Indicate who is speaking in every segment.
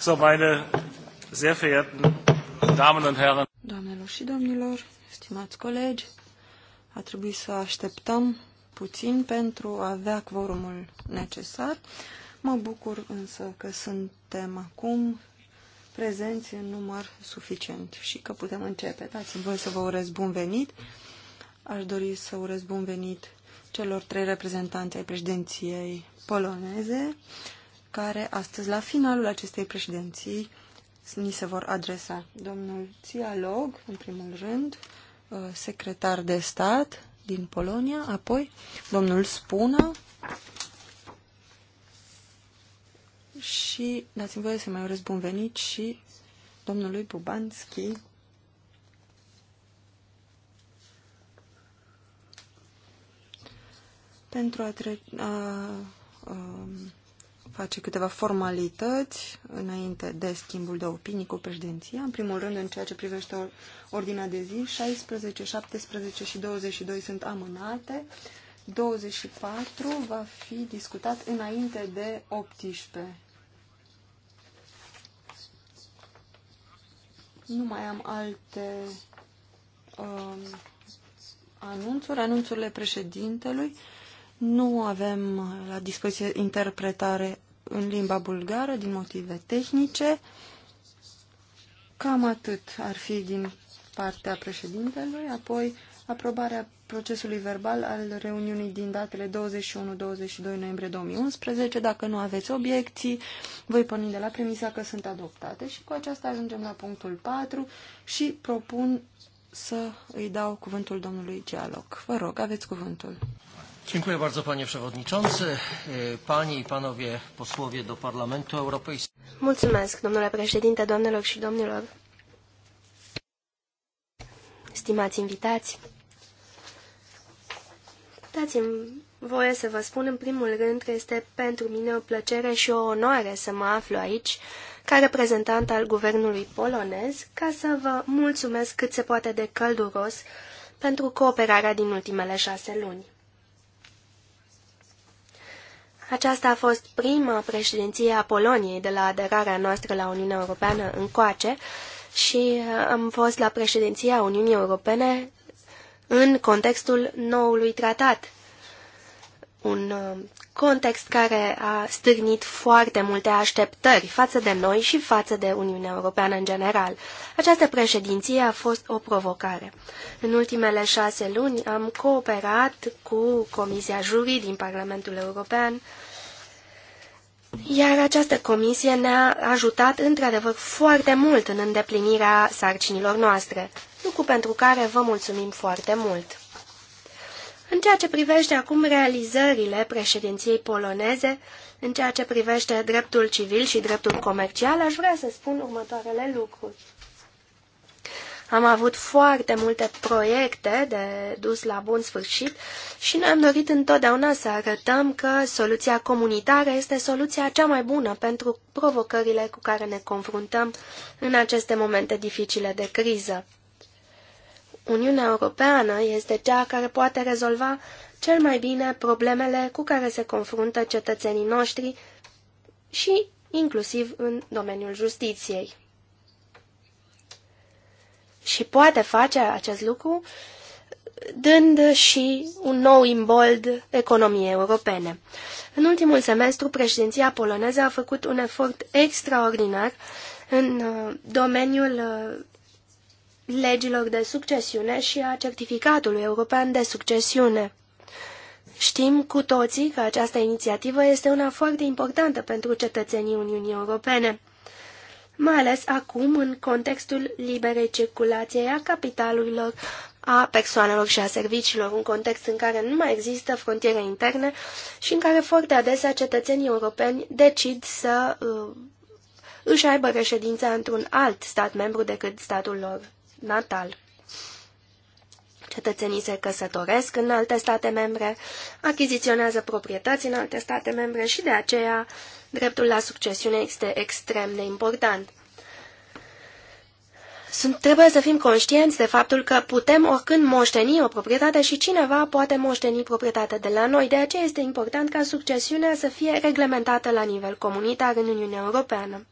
Speaker 1: So, meine sehr verehrten Damen und Herren.
Speaker 2: Doamnelor și domnilor, stimați colegi, a trebuit să așteptăm puțin pentru a avea quorumul necesar. Mă bucur însă că suntem acum prezenți în număr suficient și că putem începe. Dați-mi voi să vă urez bun venit. Aș dori să urez bun venit celor trei reprezentanți ai președinției poloneze, care astăzi, la finalul acestei președinții, ni se vor adresa. Domnul Țialog, în primul rând, uh, secretar de stat din Polonia, apoi domnul Spuna și dați-mi voie să mai urez bun venit și domnului Bubanski, pentru a, tre- a, a um, face câteva formalități înainte de schimbul de opinii cu președinția. În primul rând, în ceea ce privește ordinea de zi, 16, 17 și 22 sunt amânate. 24 va fi discutat înainte de 18. Nu mai am alte um, anunțuri, anunțurile președintelui. Nu avem la dispoziție interpretare în limba bulgară din motive tehnice. Cam atât ar fi din partea președintelui, apoi aprobarea procesului verbal al reuniunii din datele 21-22 noiembrie 2011. Dacă nu aveți obiecții, voi porni de la premisa că sunt adoptate și cu aceasta ajungem la punctul 4 și propun să îi dau cuvântul domnului Dialog. Vă rog,
Speaker 3: aveți cuvântul.
Speaker 2: Dziękuję bardzo panie przewodniczący, panie i panowie posłowie do Parlamentu Europejskiego.
Speaker 3: Mulțumesc, domnule președinte, doamnelor și domnilor. Stimați invitați, dați-mi voie să vă spun în primul rând că este pentru mine o plăcere și o onoare să mă aflu aici ca reprezentant al guvernului polonez ca să vă mulțumesc cât se poate de călduros pentru cooperarea din ultimele șase luni. Aceasta a fost prima președinție a Poloniei de la aderarea noastră la Uniunea Europeană încoace și uh, am fost la președinția Uniunii Europene în contextul noului tratat un uh, context care a stârnit foarte multe așteptări față de noi și față de Uniunea Europeană în general. Această președinție a fost o provocare. În ultimele șase luni am cooperat cu Comisia Jurii din Parlamentul European, iar această comisie ne-a ajutat într-adevăr foarte mult în îndeplinirea sarcinilor noastre, lucru pentru care vă mulțumim foarte mult. În ceea ce privește acum realizările președinției poloneze, în ceea ce privește dreptul civil și dreptul comercial, aș vrea să spun următoarele lucruri. Am avut foarte multe proiecte de dus la bun sfârșit și noi am dorit întotdeauna să arătăm că soluția comunitară este soluția cea mai bună pentru provocările cu care ne confruntăm în aceste momente dificile de criză. Uniunea Europeană este cea care poate rezolva cel mai bine problemele cu care se confruntă cetățenii noștri și inclusiv în domeniul justiției. Și poate face acest lucru dând și un nou imbold economiei europene. În ultimul semestru, președinția poloneză a făcut un efort extraordinar în uh, domeniul uh, legilor de succesiune și a certificatului european de succesiune. Știm cu toții că această inițiativă este una foarte importantă pentru cetățenii Uniunii Europene, mai ales acum în contextul liberei circulației a capitalurilor, a persoanelor și a serviciilor, un context în care nu mai există frontiere interne și în care foarte adesea cetățenii europeni decid să uh, își aibă reședința într-un alt stat membru decât statul lor natal. Cetățenii se căsătoresc în alte state membre, achiziționează proprietăți în alte state membre și de aceea dreptul la succesiune este extrem de important. Sunt, trebuie să fim conștienți de faptul că putem oricând moșteni o proprietate și cineva poate moșteni proprietatea de la noi. De aceea este important ca succesiunea să fie reglementată la nivel comunitar în Uniunea Europeană.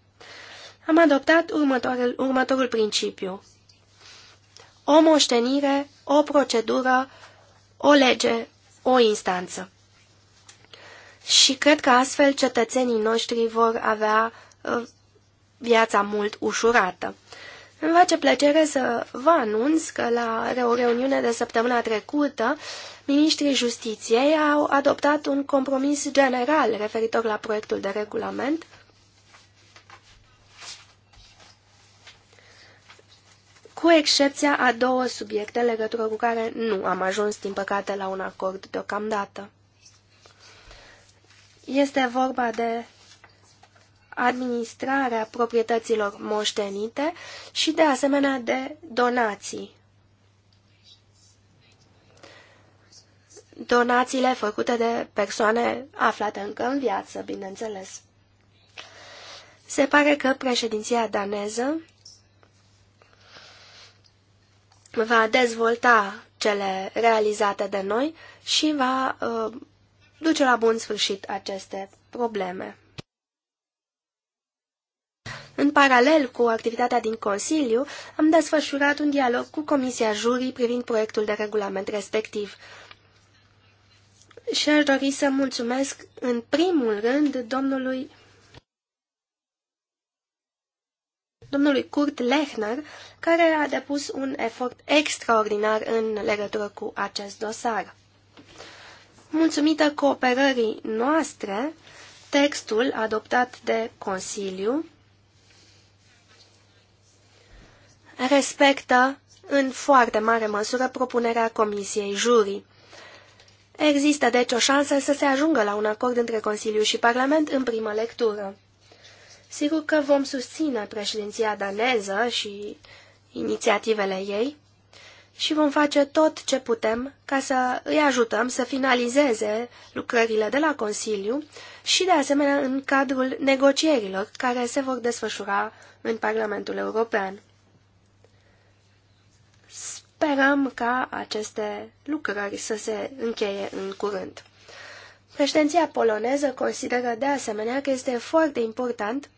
Speaker 3: Am adoptat următorul, următorul principiu o moștenire, o procedură, o lege, o instanță. Și cred că astfel cetățenii noștri vor avea uh, viața mult ușurată. Îmi face plăcere să vă anunț că la o reuniune de săptămâna trecută, ministrii justiției au adoptat un compromis general referitor la proiectul de regulament cu excepția a două subiecte legătură cu care nu am ajuns, din păcate, la un acord deocamdată. Este vorba de administrarea proprietăților moștenite și, de asemenea, de donații. Donațiile făcute de persoane aflate încă în viață, bineînțeles. Se pare că președinția daneză va dezvolta cele realizate de noi și va uh, duce la bun sfârșit aceste probleme. În paralel cu activitatea din Consiliu, am desfășurat un dialog cu Comisia Jurii privind proiectul de regulament respectiv. Și aș dori să mulțumesc în primul rând domnului domnului Kurt Lechner, care a depus un efort extraordinar în legătură cu acest dosar. Mulțumită cooperării noastre, textul adoptat de Consiliu respectă în foarte mare măsură propunerea Comisiei Jurii. Există deci o șansă să se ajungă la un acord între Consiliu și Parlament în primă lectură. Sigur că vom susține președinția daneză și inițiativele ei și vom face tot ce putem ca să îi ajutăm să finalizeze lucrările de la Consiliu și, de asemenea, în cadrul negocierilor care se vor desfășura în Parlamentul European. Sperăm ca aceste lucrări să se încheie în curând. Președinția poloneză consideră de asemenea că este foarte important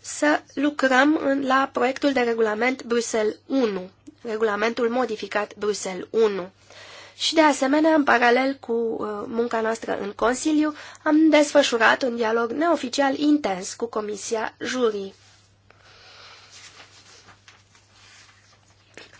Speaker 3: să lucrăm în, la proiectul de regulament Bruxelles 1, regulamentul modificat Bruxelles 1. Și de asemenea, în paralel cu uh, munca noastră în Consiliu, am desfășurat un dialog neoficial intens cu Comisia Jurii.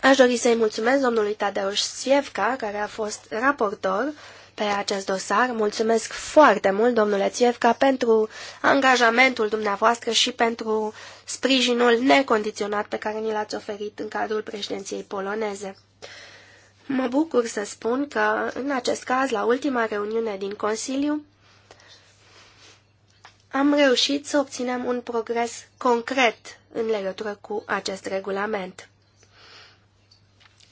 Speaker 3: Aș dori să-i mulțumesc domnului Tadeusz Sievka, care a fost raportor, uh, pe acest dosar. Mulțumesc foarte mult, domnule Țievca, pentru angajamentul dumneavoastră și pentru sprijinul necondiționat pe care ni l-ați oferit în cadrul președinției poloneze. Mă bucur să spun că, în acest caz, la ultima reuniune din Consiliu, am reușit să obținem un progres concret în legătură cu acest regulament.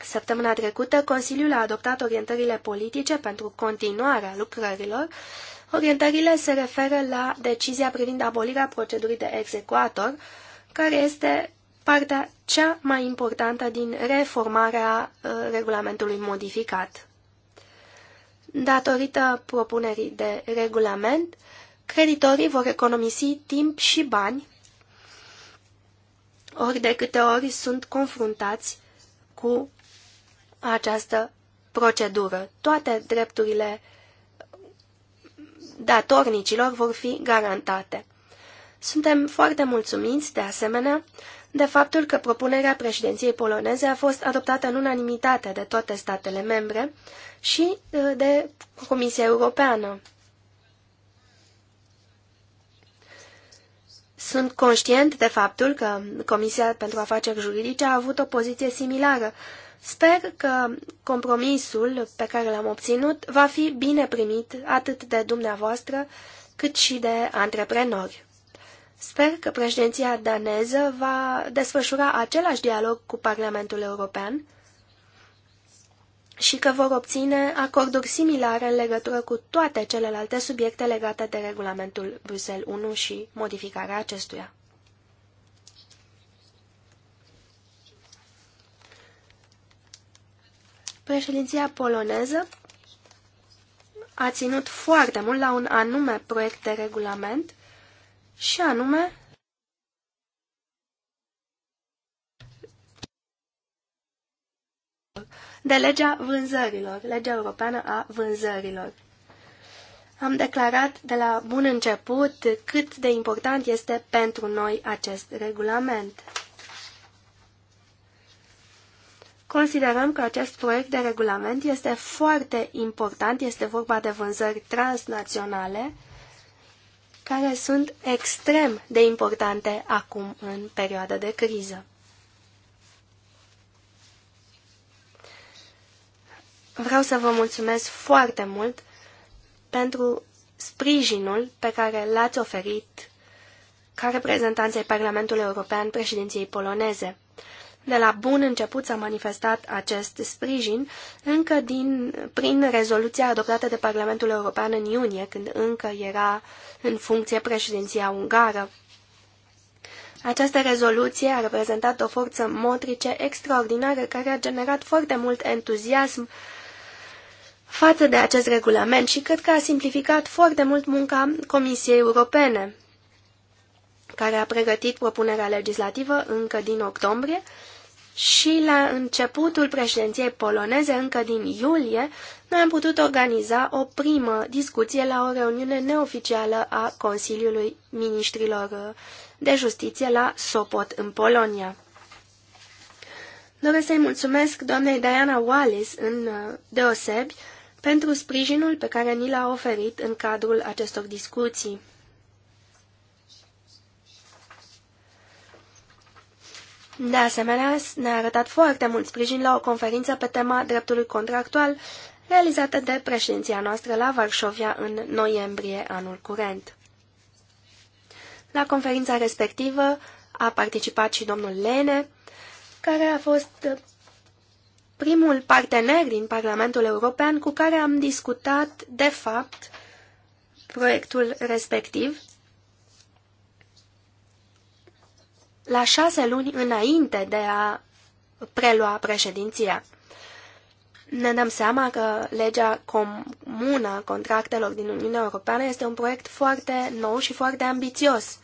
Speaker 3: Săptămâna trecută, Consiliul a adoptat orientările politice pentru continuarea lucrărilor. Orientările se referă la decizia privind abolirea procedurii de execuator, care este partea cea mai importantă din reformarea uh, regulamentului modificat. Datorită propunerii de regulament, creditorii vor economisi timp și bani ori de câte ori sunt confruntați cu această procedură. Toate drepturile datornicilor vor fi garantate. Suntem foarte mulțumiți, de asemenea, de faptul că propunerea președinției poloneze a fost adoptată în unanimitate de toate statele membre și uh, de Comisia Europeană. Sunt conștient de faptul că Comisia pentru Afaceri Juridice a avut o poziție similară Sper că compromisul pe care l-am obținut va fi bine primit atât de dumneavoastră cât și de antreprenori. Sper că președinția daneză va desfășura același dialog cu Parlamentul European și că vor obține acorduri similare în legătură cu toate celelalte subiecte legate de regulamentul Bruxelles 1 și modificarea acestuia. Președinția poloneză a ținut foarte mult la un anume proiect de regulament și anume de legea vânzărilor, legea europeană a vânzărilor. Am declarat de la bun început cât de important este pentru noi acest regulament. Considerăm că acest proiect de regulament este foarte important, este vorba de vânzări transnaționale, care sunt extrem de importante acum în perioada de criză. Vreau să vă mulțumesc foarte mult pentru sprijinul pe care l-ați oferit ca reprezentanței Parlamentului European președinției poloneze de la bun început s-a manifestat acest sprijin încă din, prin rezoluția adoptată de Parlamentul European în iunie, când încă era în funcție președinția ungară. Această rezoluție a reprezentat o forță motrice extraordinară care a generat foarte mult entuziasm față de acest regulament și cred că a simplificat foarte mult munca Comisiei Europene care a pregătit propunerea legislativă încă din octombrie și la începutul președinției poloneze, încă din iulie, noi am putut organiza o primă discuție la o reuniune neoficială a Consiliului Ministrilor de Justiție la Sopot, în Polonia. Doresc să-i mulțumesc doamnei Diana Wallis în deosebi pentru sprijinul pe care ni l-a oferit în cadrul acestor discuții. De asemenea, ne-a arătat foarte mult sprijin la o conferință pe tema dreptului contractual realizată de președinția noastră la Varșovia în noiembrie anul curent. La conferința respectivă a participat și domnul Lene, care a fost primul partener din Parlamentul European cu care am discutat, de fapt, proiectul respectiv la șase luni înainte de a prelua președinția. Ne dăm seama că legea comună contractelor din Uniunea Europeană este un proiect foarte nou și foarte ambițios.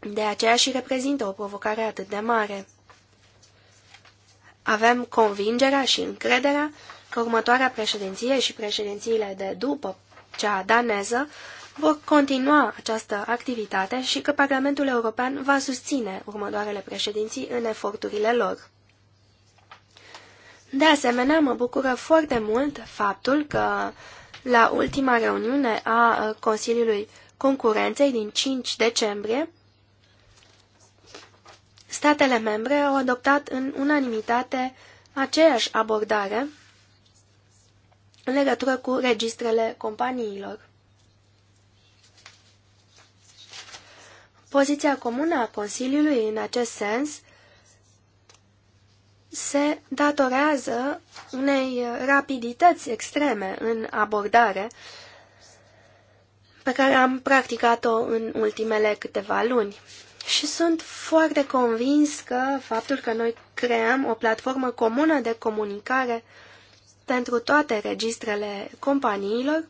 Speaker 3: De aceea și reprezintă o provocare atât de mare. Avem convingerea și încrederea că următoarea președinție și președințiile de după cea daneză vor continua această activitate și că Parlamentul European va susține următoarele președinții în eforturile lor. De asemenea, mă bucură foarte mult faptul că la ultima reuniune a Consiliului Concurenței din 5 decembrie, statele membre au adoptat în unanimitate aceeași abordare în legătură cu registrele companiilor. Poziția comună a Consiliului în acest sens se datorează unei rapidități extreme în abordare pe care am practicat-o în ultimele câteva luni. Și sunt foarte convins că faptul că noi creăm o platformă comună de comunicare pentru toate registrele companiilor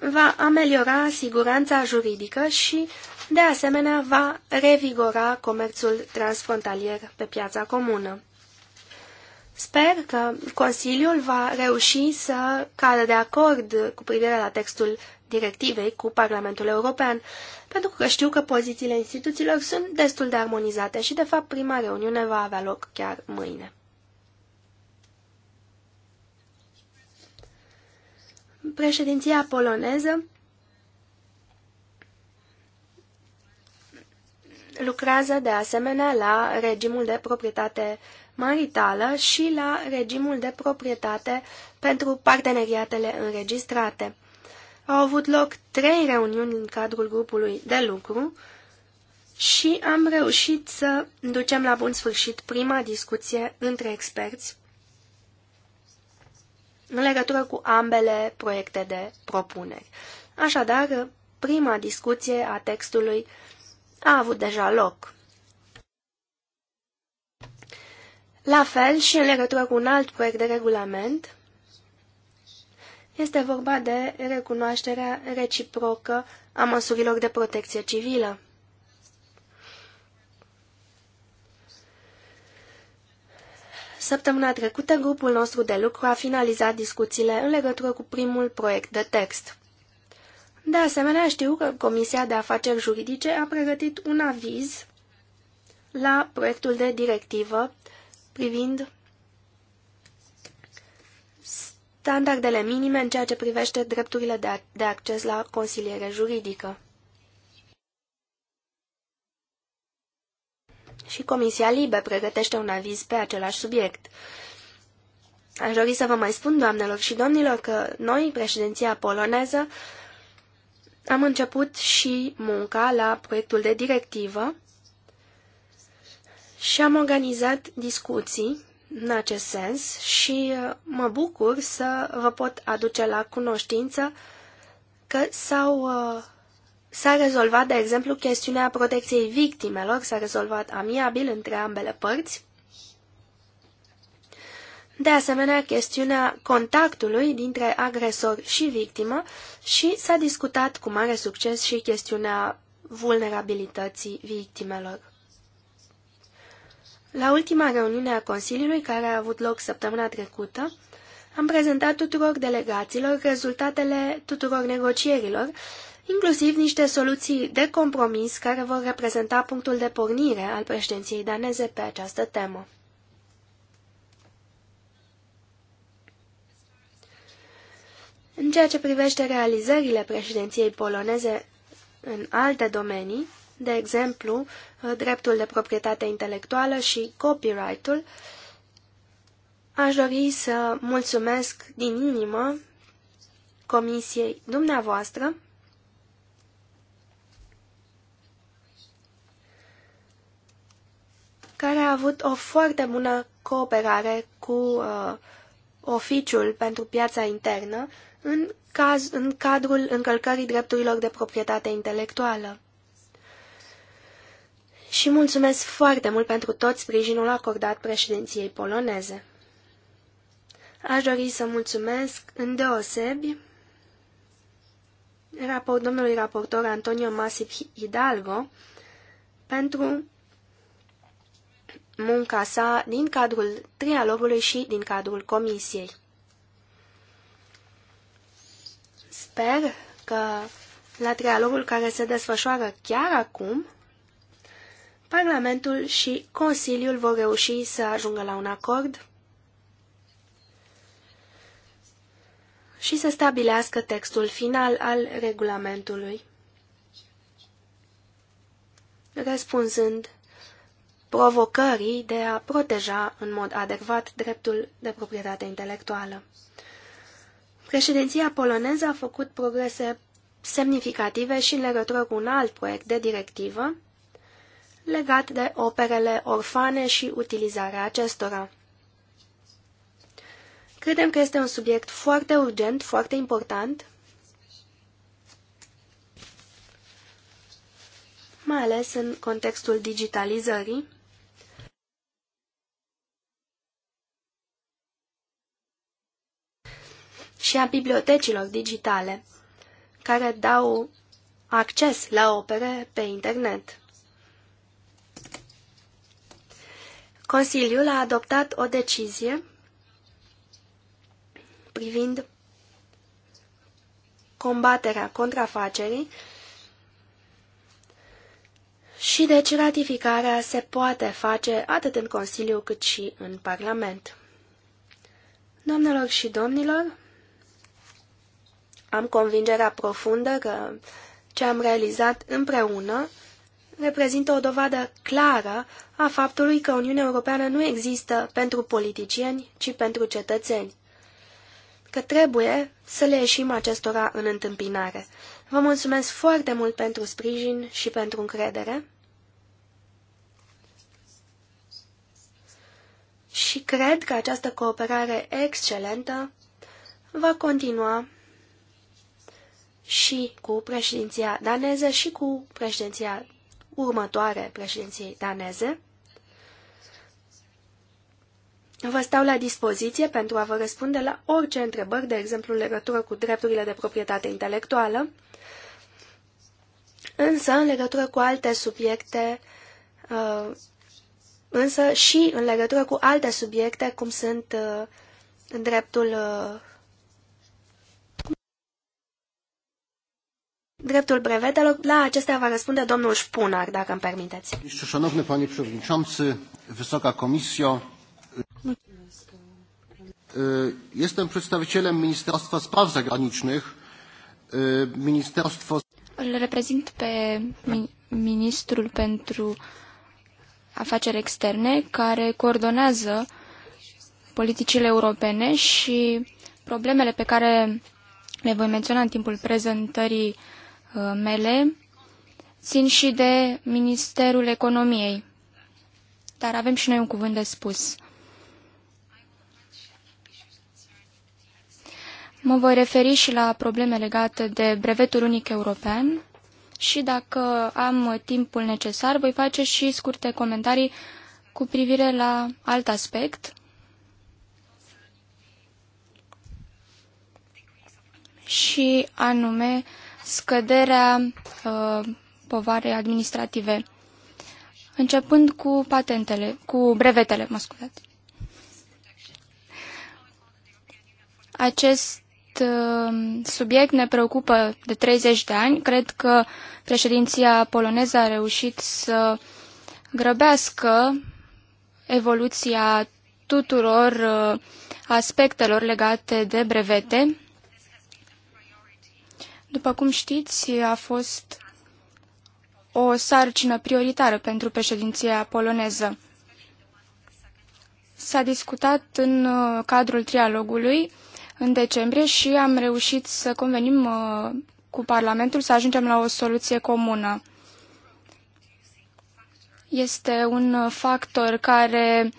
Speaker 3: va ameliora siguranța juridică și, de asemenea, va revigora comerțul transfrontalier pe piața comună. Sper că Consiliul va reuși să cadă de acord cu privire la textul directivei cu Parlamentul European, pentru că știu că pozițiile instituțiilor sunt destul de armonizate și, de fapt, prima reuniune va avea loc chiar mâine. Președinția poloneză lucrează de asemenea la regimul de proprietate maritală și la regimul de proprietate pentru parteneriatele înregistrate. Au avut loc trei reuniuni în cadrul grupului de lucru și am reușit să ducem la bun sfârșit prima discuție între experți în legătură cu ambele proiecte de propuneri. Așadar, prima discuție a textului a avut deja loc. La fel și în legătură cu un alt proiect de regulament, este vorba de recunoașterea reciprocă a măsurilor de protecție civilă. Săptămâna trecută, grupul nostru de lucru a finalizat discuțiile în legătură cu primul proiect de text. De asemenea, știu că Comisia de Afaceri Juridice a pregătit un aviz la proiectul de directivă privind standardele minime în ceea ce privește drepturile de, de acces la consiliere juridică. și Comisia Libe pregătește un aviz pe același subiect. Aș dori să vă mai spun, doamnelor și domnilor, că noi, președinția poloneză, am început și munca la proiectul de directivă și am organizat discuții în acest sens și uh, mă bucur să vă pot aduce la cunoștință că s-au uh, S-a rezolvat, de exemplu, chestiunea protecției victimelor, s-a rezolvat amiabil între ambele părți. De asemenea, chestiunea contactului dintre agresor și victimă și s-a discutat cu mare succes și chestiunea vulnerabilității victimelor. La ultima reuniune a Consiliului, care a avut loc săptămâna trecută, am prezentat tuturor delegaților rezultatele tuturor negocierilor inclusiv niște soluții de compromis care vor reprezenta punctul de pornire al președinției daneze pe această temă. În ceea ce privește realizările președinției poloneze în alte domenii, de exemplu, dreptul de proprietate intelectuală și copyright-ul, aș dori să mulțumesc din inimă Comisiei dumneavoastră care a avut o foarte bună cooperare cu uh, Oficiul pentru Piața Internă în, caz, în cadrul încălcării drepturilor de proprietate intelectuală. Și mulțumesc foarte mult pentru tot sprijinul acordat președinției poloneze. Aș dori să mulțumesc îndeosebi raport, domnului raportor Antonio Masip Hidalgo pentru munca sa din cadrul trialogului și din cadrul comisiei. Sper că la trialogul care se desfășoară chiar acum, Parlamentul și Consiliul vor reuși să ajungă la un acord și să stabilească textul final al regulamentului, răspunzând provocării de a proteja în mod adecvat dreptul de proprietate intelectuală. Președinția poloneză a făcut progrese semnificative și în legătură cu un alt proiect de directivă legat de operele orfane și utilizarea acestora. Credem că este un subiect foarte urgent, foarte important, mai ales în contextul digitalizării, și a bibliotecilor digitale, care dau acces la opere pe internet. Consiliul a adoptat o decizie privind combaterea contrafacerii și deci ratificarea se poate face atât în Consiliu cât și în Parlament. Doamnelor și domnilor, am convingerea profundă că ce am realizat împreună reprezintă o dovadă clară a faptului că Uniunea Europeană nu există pentru politicieni, ci pentru cetățeni. Că trebuie să le ieșim acestora în întâmpinare. Vă mulțumesc foarte mult pentru sprijin și pentru încredere. Și cred că această cooperare excelentă va continua și cu președinția daneză și cu președinția următoare președinției daneze. Vă stau la dispoziție pentru a vă răspunde la orice întrebări, de exemplu în legătură cu drepturile de proprietate intelectuală, însă în legătură cu alte subiecte, uh, însă și în legătură cu alte subiecte, cum sunt uh, dreptul uh, dreptul brevetelor. La acestea va răspunde domnul Spunar, dacă îmi permiteți.
Speaker 1: Șanowny panie przewodniczący, wysoka komisjo. Jestem przedstawicielem Ministerstwa Spraw Zagranicznych.
Speaker 3: Ministerstwo...
Speaker 1: Îl reprezint pe ministrul pentru afaceri externe care coordonează politicile europene și problemele pe care le voi menționa în timpul prezentării Uh, mele țin și de Ministerul Economiei. Dar avem și noi un cuvânt de spus. Mă voi referi și la probleme legate de brevetul unic european și dacă am timpul necesar, voi face și scurte comentarii cu privire la alt aspect. Și anume scăderea uh, povarei administrative, începând cu patentele, cu brevetele, mă scuzați. Acest uh, subiect ne preocupă de 30 de ani. Cred că președinția poloneză a reușit să grăbească evoluția tuturor uh, aspectelor legate de brevete după cum știți, a fost o sarcină prioritară pentru președinția poloneză. S-a discutat în uh, cadrul trialogului în decembrie și am reușit să convenim uh, cu Parlamentul să ajungem la o soluție comună. Este un uh, factor care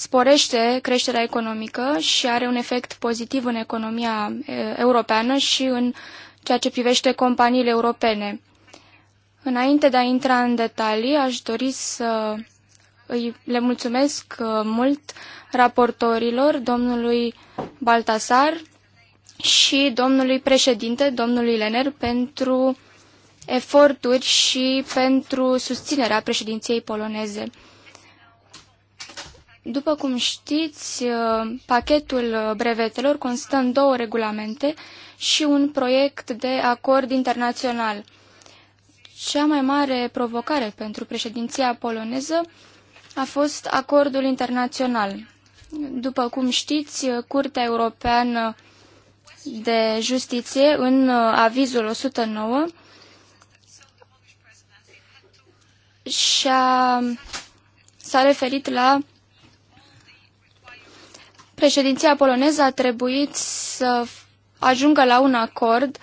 Speaker 1: sporește creșterea economică și are un efect pozitiv în economia europeană și în ceea ce privește companiile europene. Înainte de a intra în detalii, aș dori să îi le mulțumesc uh, mult raportorilor, domnului Baltasar și domnului președinte, domnului Lener, pentru eforturi și pentru susținerea președinției poloneze. După cum știți, uh, pachetul brevetelor constă în două regulamente și un proiect de acord internațional. Cea mai mare provocare pentru președinția poloneză a fost acordul internațional. După cum știți, Curtea Europeană de Justiție, în uh, avizul 109, și-a, s-a referit la președinția poloneză a trebuit să ajungă la un acord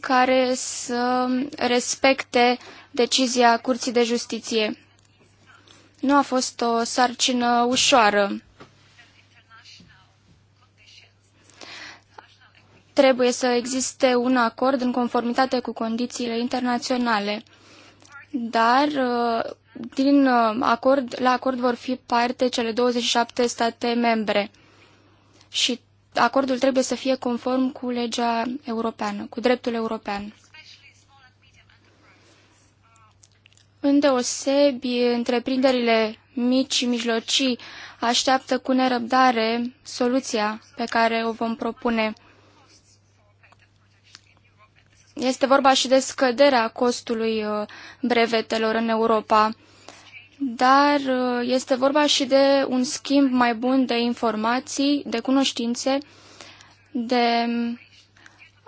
Speaker 1: care să respecte decizia Curții de Justiție. Nu a fost o sarcină ușoară. Trebuie să existe un acord în conformitate cu condițiile internaționale, dar uh, din uh, acord, la acord vor fi parte cele 27 state membre și acordul trebuie să fie conform cu legea europeană, cu dreptul european. deosebi, întreprinderile mici și mijlocii așteaptă cu nerăbdare soluția pe care o vom propune. Este vorba și de scăderea costului uh, brevetelor în Europa dar uh, este vorba și de un schimb mai bun de informații, de cunoștințe, de um,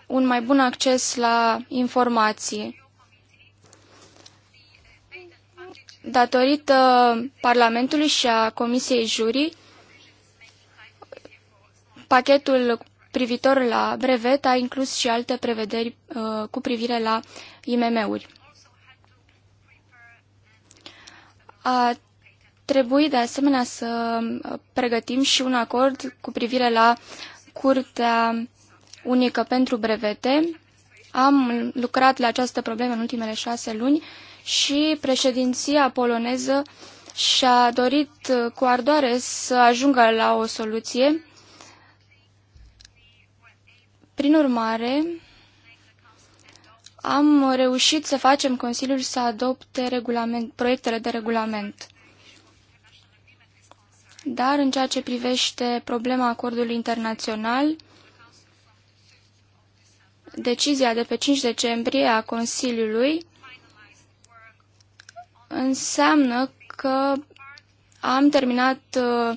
Speaker 1: un mai bun acces la informații. Datorită Parlamentului și a Comisiei Jurii, pachetul privitor la brevet a inclus și alte prevederi uh, cu privire la IMM-uri. A trebuit de asemenea să uh, pregătim și un acord cu privire la Curtea Unică pentru Brevete. Am lucrat la această problemă în ultimele șase luni și președinția poloneză și-a dorit uh, cu ardoare să ajungă la o soluție. Prin urmare, am reușit să facem Consiliul să adopte regulament, proiectele de regulament. Dar în ceea ce privește problema acordului internațional, decizia de pe 5 decembrie a Consiliului înseamnă că am terminat uh,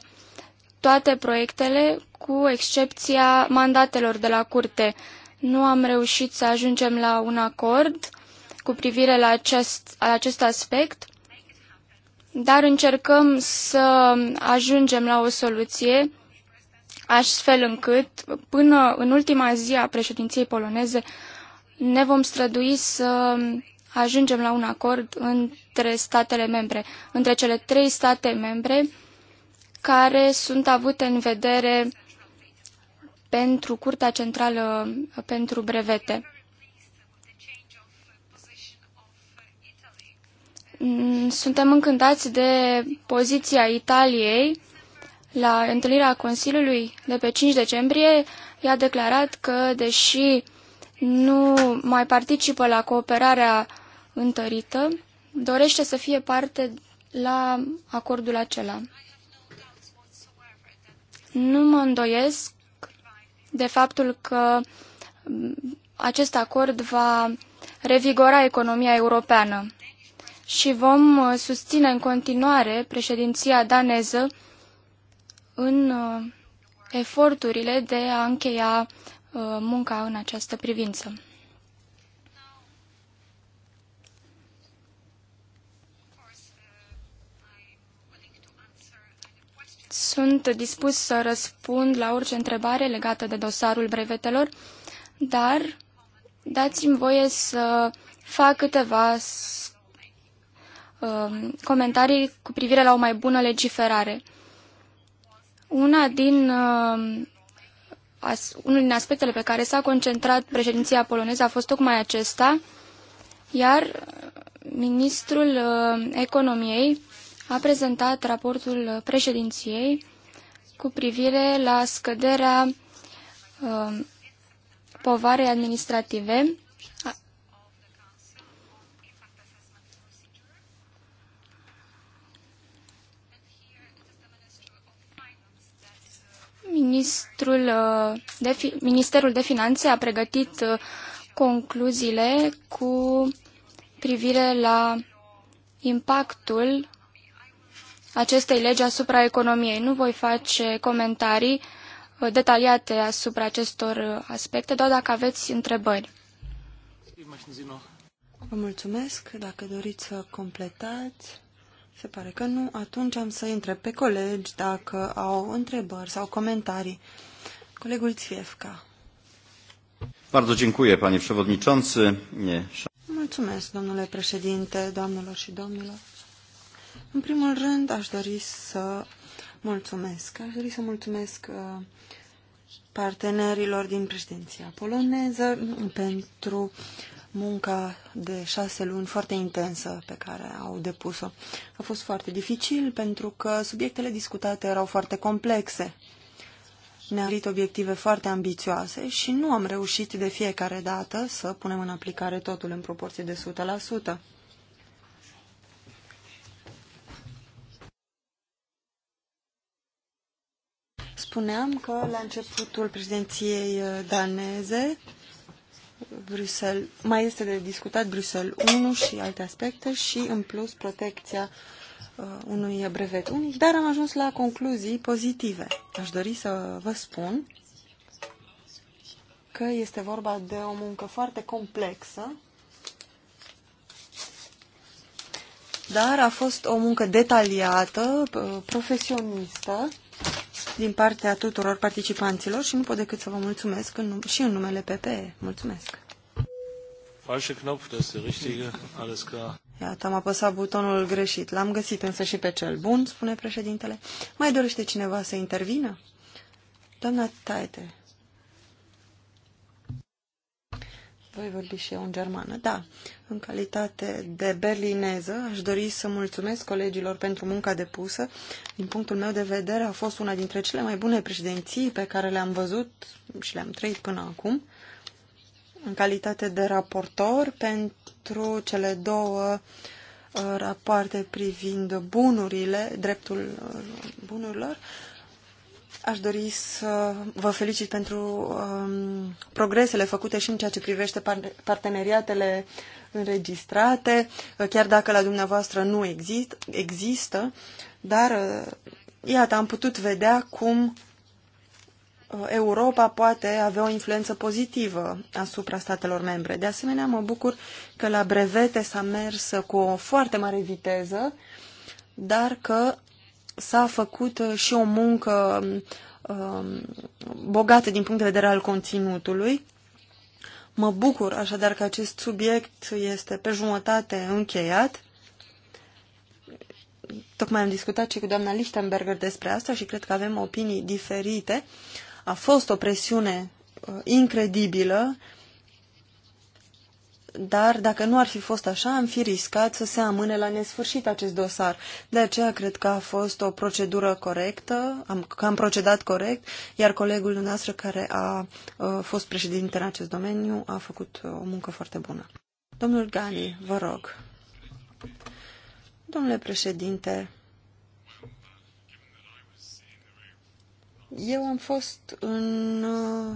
Speaker 1: toate proiectele cu excepția mandatelor de la curte. Nu am reușit să ajungem la un acord cu privire la acest, la acest aspect, dar încercăm să ajungem la o soluție astfel încât, până în ultima zi a președinției poloneze, ne vom strădui să ajungem la un acord între statele membre, între cele trei state membre care sunt avute în vedere pentru Curtea Centrală pentru Brevete. Mm, suntem încântați de poziția Italiei. La întâlnirea Consiliului de pe 5 decembrie i-a declarat că, deși nu mai participă la cooperarea întărită, dorește să fie parte la acordul acela. Nu mă îndoiesc de faptul că mm, acest acord va revigora economia europeană și vom uh, susține în continuare președinția daneză în uh, eforturile de a încheia uh, munca în această privință. Sunt dispus să răspund la orice întrebare legată de dosarul brevetelor, dar dați-mi voie să fac câteva uh, comentarii cu privire la o mai bună legiferare. Una din, uh, unul din aspectele pe care s-a concentrat președinția poloneză a fost tocmai acesta, iar ministrul uh, economiei a prezentat raportul președinției cu privire la scăderea uh, povarei administrative Ministrul uh, de, Ministerul de Finanțe a pregătit uh, concluziile cu privire la impactul acestei legi asupra economiei. Nu voi face comentarii uh, detaliate asupra acestor uh, aspecte, doar dacă aveți întrebări.
Speaker 2: Vă mulțumesc. Dacă doriți să completați, se pare că nu, atunci am să întreb pe colegi dacă au întrebări sau comentarii. Colegul Țiefca.
Speaker 3: Bardzo dziękuję,
Speaker 2: panie przewodniczący. Mulțumesc, domnule președinte, doamnelor și domnilor. În primul rând, aș dori să mulțumesc. Aș dori să mulțumesc uh, partenerilor din președinția poloneză mm, pentru munca de șase luni foarte intensă pe care au depus-o. A fost foarte dificil pentru că subiectele discutate erau foarte complexe. ne a dorit obiective foarte ambițioase și nu am reușit de fiecare dată să punem în aplicare totul în proporție de 100%. Spuneam că la începutul președinției uh, daneze Bruxelles, mai este de discutat Bruxelles 1 și alte aspecte și în plus protecția uh, unui brevet unic, dar am ajuns la concluzii pozitive. Aș dori să vă spun că este vorba de o muncă foarte complexă, dar a fost o muncă detaliată, uh, profesionistă, din partea tuturor participanților și nu pot decât să vă mulțumesc în, și în numele PPE. Mulțumesc!
Speaker 1: Falsche Knopf, das ist der richtige, alles klar.
Speaker 2: Iată, am apăsat butonul greșit. L-am găsit însă și pe cel bun, spune președintele. Mai dorește cineva să intervină? Doamna Taite. Voi vorbi și eu în germană. Da, în calitate de berlineză, aș dori să mulțumesc colegilor pentru munca depusă. Din punctul meu de vedere, a fost una dintre cele mai bune președinții pe care le-am văzut și le-am trăit până acum. În calitate de raportor pentru cele două uh, rapoarte privind bunurile, dreptul uh, bunurilor, Aș dori să vă felicit pentru um, progresele făcute și în ceea ce privește parteneriatele înregistrate, chiar dacă la dumneavoastră nu exist, există, dar uh, iată, am putut vedea cum uh, Europa poate avea o influență pozitivă asupra statelor membre. De asemenea, mă bucur că la brevete s-a mers cu o foarte mare viteză, dar că s-a făcut uh, și o muncă um, bogată din punct de vedere al conținutului. Mă bucur așadar că acest subiect este pe jumătate încheiat. Tocmai am discutat și cu doamna Lichtenberger despre asta și cred că avem opinii diferite. A fost o presiune uh, incredibilă dar dacă nu ar fi fost așa, am fi riscat să se amâne la nesfârșit acest dosar. De aceea cred că a fost o procedură corectă, am, că am procedat corect, iar colegul dumneavoastră care a, a uh, fost președinte în acest domeniu a făcut uh, o muncă foarte bună. Domnul Gani, vă rog. Domnule președinte, eu am fost în uh,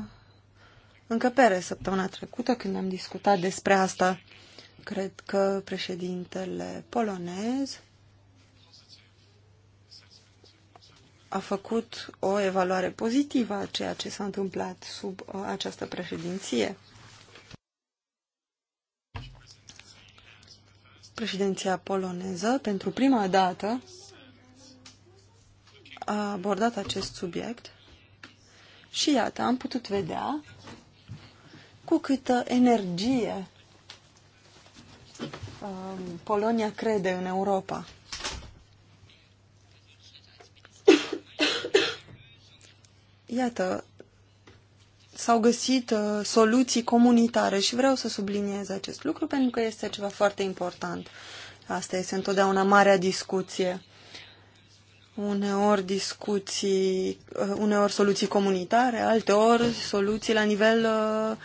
Speaker 2: încăpere săptămâna trecută când am discutat despre asta. Cred că președintele polonez a făcut o evaluare pozitivă a ceea ce s-a întâmplat sub uh, această președinție. Președinția poloneză, pentru prima dată, a abordat acest subiect și iată, am putut vedea cu câtă energie um, Polonia crede în Europa. Iată, s-au găsit uh, soluții comunitare și vreau să subliniez acest lucru pentru că este ceva foarte important. Asta este întotdeauna marea discuție. Uneori discuții, uh, uneori soluții comunitare, alteori soluții la nivel uh,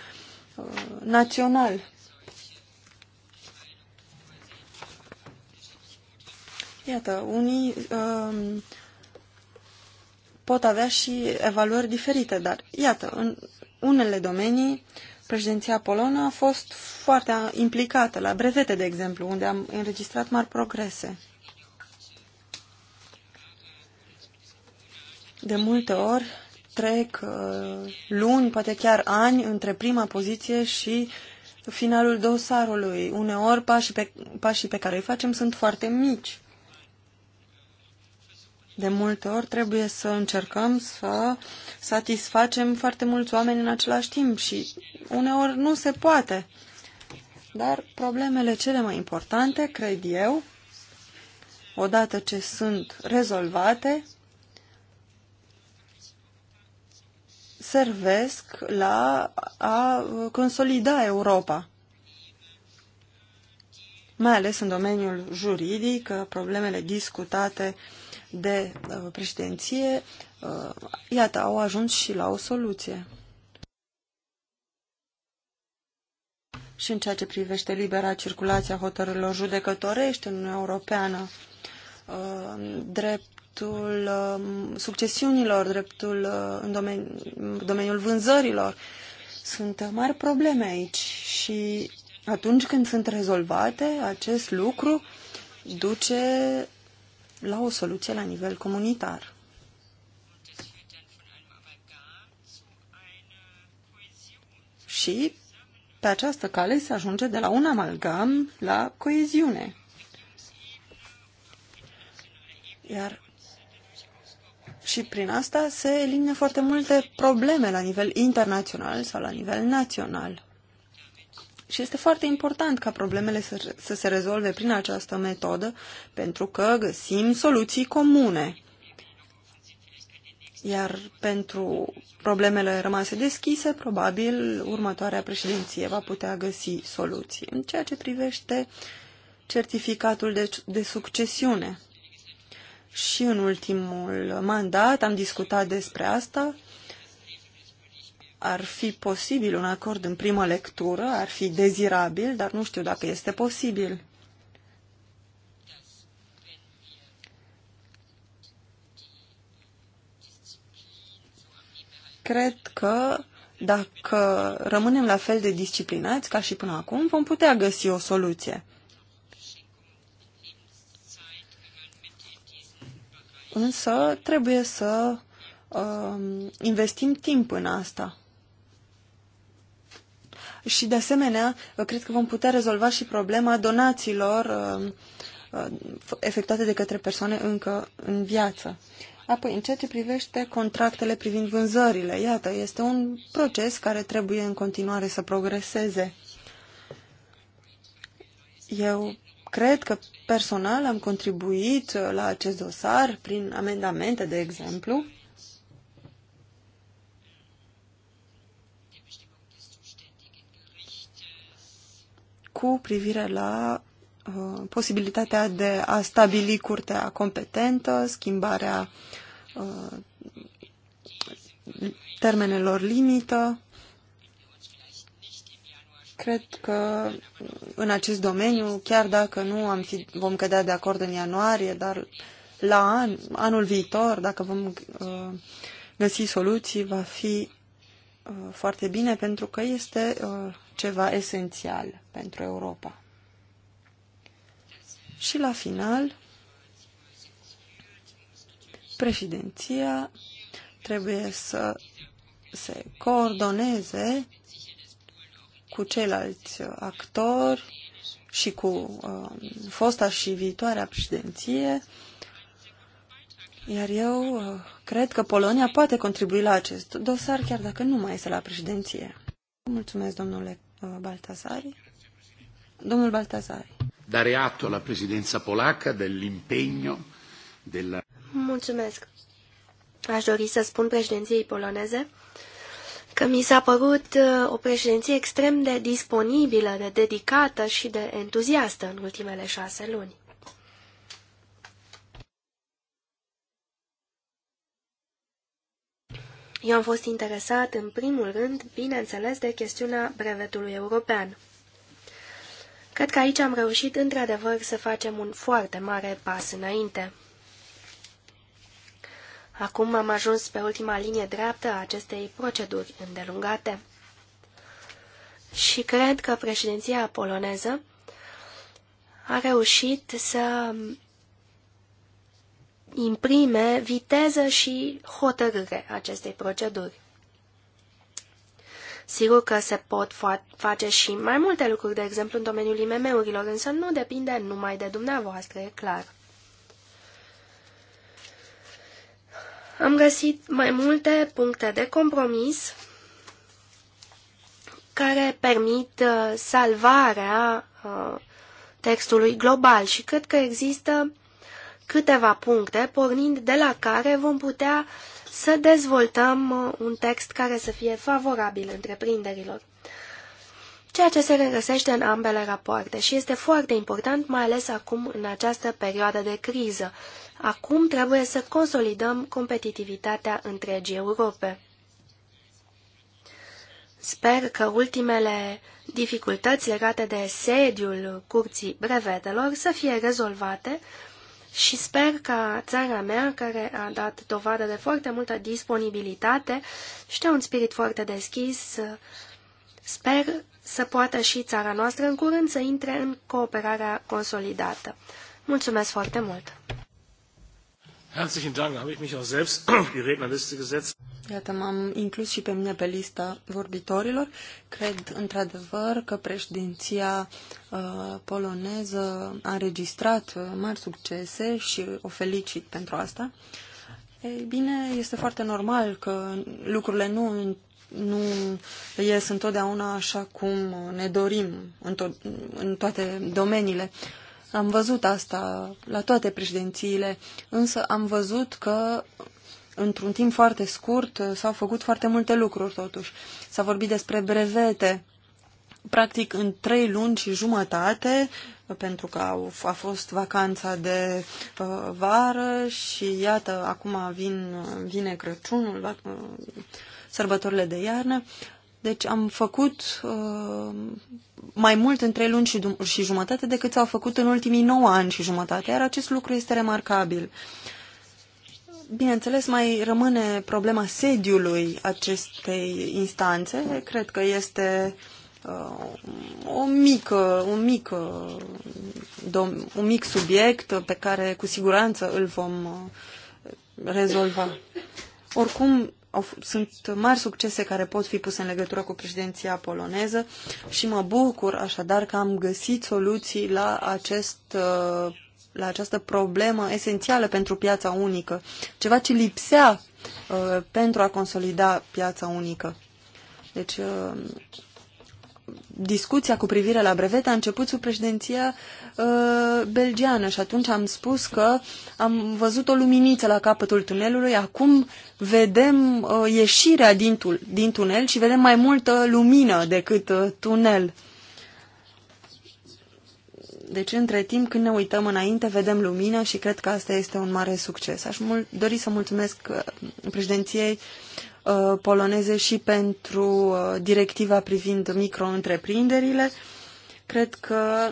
Speaker 2: Uh, național. Iată, unii um, pot avea și evaluări diferite, dar iată, în unele domenii președinția polonă a fost foarte implicată, la brevete, de exemplu, unde am înregistrat mari progrese. De multe ori trec uh, luni, poate chiar ani, între prima poziție și finalul dosarului. Uneori pașii pe, pașii pe care îi facem sunt foarte mici. De multe ori trebuie să încercăm să satisfacem foarte mulți oameni în același timp și uneori nu se poate. Dar problemele cele mai importante, cred eu, odată ce sunt rezolvate, servesc la a consolida Europa. Mai ales în domeniul juridic, problemele discutate de uh, președinție, uh, iată, au ajuns și la o soluție. și în ceea ce privește libera circulație a hotărârilor judecătorești în Uniunea Europeană, uh, drept dreptul um, succesiunilor, dreptul uh, în domeni, domeniul vânzărilor. Sunt mari probleme aici și atunci când sunt rezolvate, acest lucru duce la o soluție la nivel comunitar. Și pe această cale se ajunge de la un amalgam la coeziune. Iar și prin asta se elimină foarte multe probleme la nivel internațional sau la nivel național. Și este foarte important ca problemele să, să se rezolve prin această metodă, pentru că găsim soluții comune. Iar pentru problemele rămase deschise, probabil următoarea președinție va putea găsi soluții. În ceea ce privește certificatul de, de succesiune, și în ultimul mandat am discutat despre asta. Ar fi posibil un acord în primă lectură, ar fi dezirabil, dar nu știu dacă este posibil. Cred că dacă rămânem la fel de disciplinați ca și până acum, vom putea găsi o soluție. Însă trebuie să uh, investim timp în asta. Și de asemenea, cred că vom putea rezolva și problema donațiilor um, uh, efectuate de către persoane încă în viață. Apoi, în ceea ce privește contractele privind vânzările, iată, este un proces care trebuie în continuare să progreseze. Eu Cred că personal am contribuit uh, la acest dosar prin amendamente, de exemplu. cu privire la uh, posibilitatea de a stabili curtea competentă, schimbarea uh, termenelor limită, Cred că în acest domeniu, chiar dacă nu am fi, vom cădea de acord în ianuarie, dar la an, anul viitor, dacă vom uh, găsi soluții, va fi uh, foarte bine pentru că este uh, ceva esențial pentru Europa. Și la final, președinția trebuie să se coordoneze cu ceilalți actori și cu uh, fosta și viitoarea președinție, iar eu uh, cred că Polonia poate contribui la acest dosar, chiar dacă nu mai este la președinție. Mulțumesc, domnule uh,
Speaker 3: Baltazari. Domnul Baltasari.
Speaker 2: Dare atto alla presidenza polacca dell'impegno della...
Speaker 3: Mulțumesc. Aș dori să spun președinției poloneze că mi s-a părut uh, o președinție extrem de disponibilă, de dedicată și de entuziastă în ultimele șase luni. Eu am fost interesat, în primul rând, bineînțeles, de chestiunea brevetului european. Cred că aici am reușit, într-adevăr, să facem un foarte mare pas înainte. Acum am ajuns pe ultima linie dreaptă a acestei proceduri îndelungate. Și cred că președinția poloneză a reușit să imprime viteză și hotărâre acestei proceduri. Sigur că se pot fa face și mai multe lucruri, de exemplu în domeniul IMM-urilor, însă nu depinde numai de dumneavoastră, e clar. Am găsit mai multe puncte de compromis care permit uh, salvarea uh, textului global și cred că există câteva puncte pornind de la care vom putea să dezvoltăm uh, un text care să fie favorabil întreprinderilor ceea ce se regăsește în ambele rapoarte și este foarte important, mai ales acum în această perioadă de criză. Acum trebuie să consolidăm competitivitatea întregii Europe. Sper că ultimele dificultăți legate de sediul curții brevetelor să fie rezolvate și sper ca țara mea, care a dat dovadă de foarte multă disponibilitate și de un spirit foarte deschis, sper să poată și țara noastră în curând să intre în cooperarea consolidată. Mulțumesc foarte mult! Herzlichen Dank, da, habe ich mich auch selbst die Rednerliste gesetzt.
Speaker 2: Iată, m-am inclus și pe mine pe lista vorbitorilor. Cred, într-adevăr, că președinția uh, poloneză a înregistrat uh, mari succese și o felicit pentru asta. Ei bine, este foarte normal că lucrurile nu nu ies întotdeauna așa cum ne dorim în, to- în toate domeniile. Am văzut asta la toate președințiile, însă am văzut că într-un timp foarte scurt s-au făcut foarte multe lucruri totuși. S-a vorbit despre brevete. Practic în trei luni și jumătate, pentru că au, a fost vacanța de uh, vară și iată, acum vin, vine Crăciunul, uh, sărbătorile de iarnă. Deci am făcut uh, mai mult în trei luni și, și jumătate decât s-au făcut în ultimii 9 ani și jumătate, iar acest lucru este remarcabil. Bineînțeles, mai rămâne problema sediului acestei instanțe. Cred că este uh, o mică, un, mic, un mic subiect pe care cu siguranță îl vom uh, rezolva. Oricum, au, sunt mari succese care pot fi puse în legătură cu președinția poloneză și mă bucur așadar că am găsit soluții la, acest, uh, la această problemă esențială pentru piața unică, ceva ce lipsea uh, pentru a consolida piața unică. Deci uh, discuția cu privire la brevet a început sub președinția uh, belgiană și atunci am spus că am văzut o luminiță la capătul tunelului, acum vedem uh, ieșirea din, tu- din tunel și vedem mai multă lumină decât uh, tunel. Deci, între timp, când ne uităm înainte, vedem lumină și cred că asta este un mare succes. Aș mul- dori să mulțumesc uh, președinției Uh, poloneze și pentru uh, directiva privind micro-întreprinderile. Cred că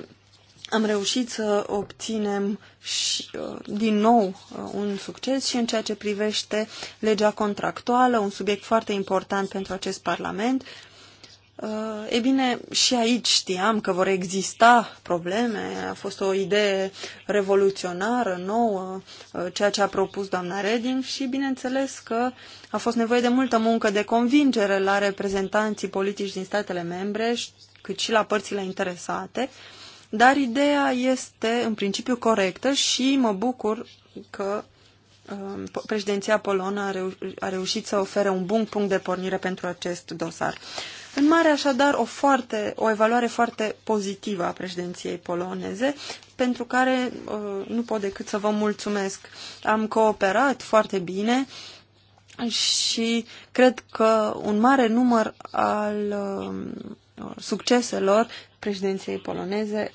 Speaker 2: am reușit să obținem și, uh, din nou un succes și în ceea ce privește legea contractuală, un subiect foarte important pentru acest Parlament. E bine, și aici știam că vor exista probleme, a fost o idee revoluționară, nouă, ceea ce a propus doamna Reding și bineînțeles că a fost nevoie de multă muncă de convingere la reprezentanții politici din statele membre, cât și la părțile interesate, dar ideea este în principiu corectă și mă bucur că um, președinția polonă a, reu- a reușit să ofere un bun punct de pornire pentru acest dosar. În mare, așadar, o, foarte, o evaluare foarte pozitivă a președinției poloneze, pentru care uh, nu pot decât să vă mulțumesc. Am cooperat foarte bine și cred că un mare număr al uh, succeselor președinției poloneze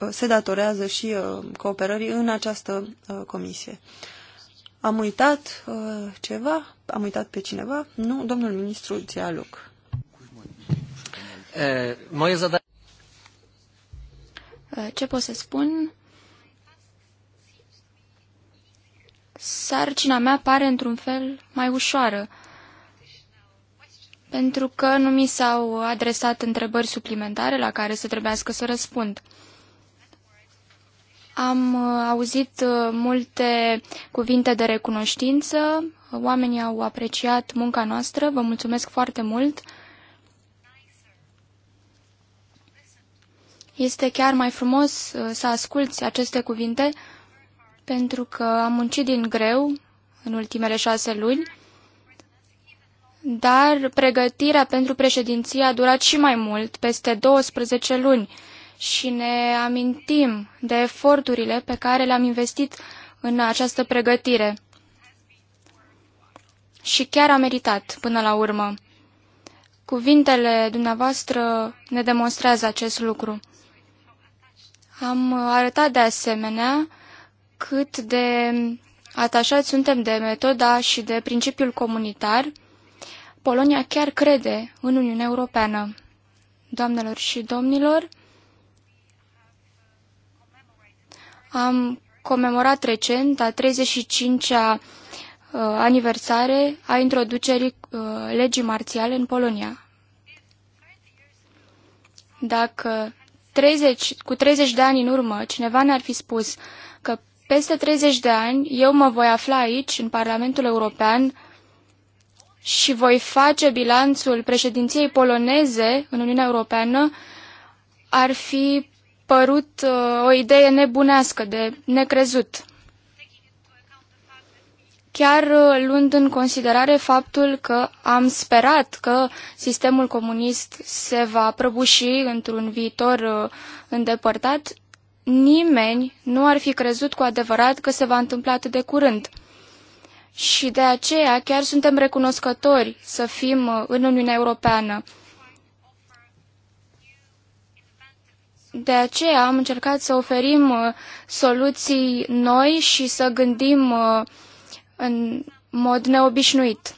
Speaker 2: uh, se datorează și cooperării în această comisie. Am uitat ceva? Am uitat pe cineva?
Speaker 1: Nu, domnul ministru Țialuc. Uh, moje zadanie... Uh, ce pot să spun? Sarcina mea pare într-un fel mai ușoară, pentru că nu mi s-au adresat întrebări suplimentare la care să trebuiască să răspund. Am uh, auzit multe cuvinte de recunoștință, oamenii au apreciat munca noastră, vă mulțumesc foarte mult. Este chiar mai frumos uh, să asculți aceste cuvinte pentru că am muncit din greu în ultimele șase luni, dar pregătirea pentru președinție a durat și mai mult, peste 12 luni, și ne amintim de eforturile pe care le-am investit în această pregătire. Și chiar a meritat până la urmă. Cuvintele dumneavoastră ne demonstrează acest lucru. Am arătat de asemenea cât de atașați suntem de metoda și de principiul comunitar. Polonia chiar crede în Uniunea Europeană. Doamnelor și domnilor, am comemorat recent a 35-a uh, aniversare a introducerii uh, legii marțiale în Polonia. Dacă 30, cu 30 de ani în urmă cineva ne-ar fi spus că peste 30 de ani eu mă voi afla aici, în Parlamentul European, și voi face bilanțul președinției poloneze în Uniunea Europeană, ar fi părut uh, o idee nebunească de necrezut chiar uh, luând în considerare faptul că am sperat că sistemul comunist se va prăbuși într-un viitor uh, îndepărtat, nimeni nu ar fi crezut cu adevărat că se va întâmpla atât de curând. Și de aceea chiar suntem recunoscători să fim uh, în Uniunea Europeană. De aceea am încercat să oferim soluții noi și să gândim uh, în mod neobișnuit.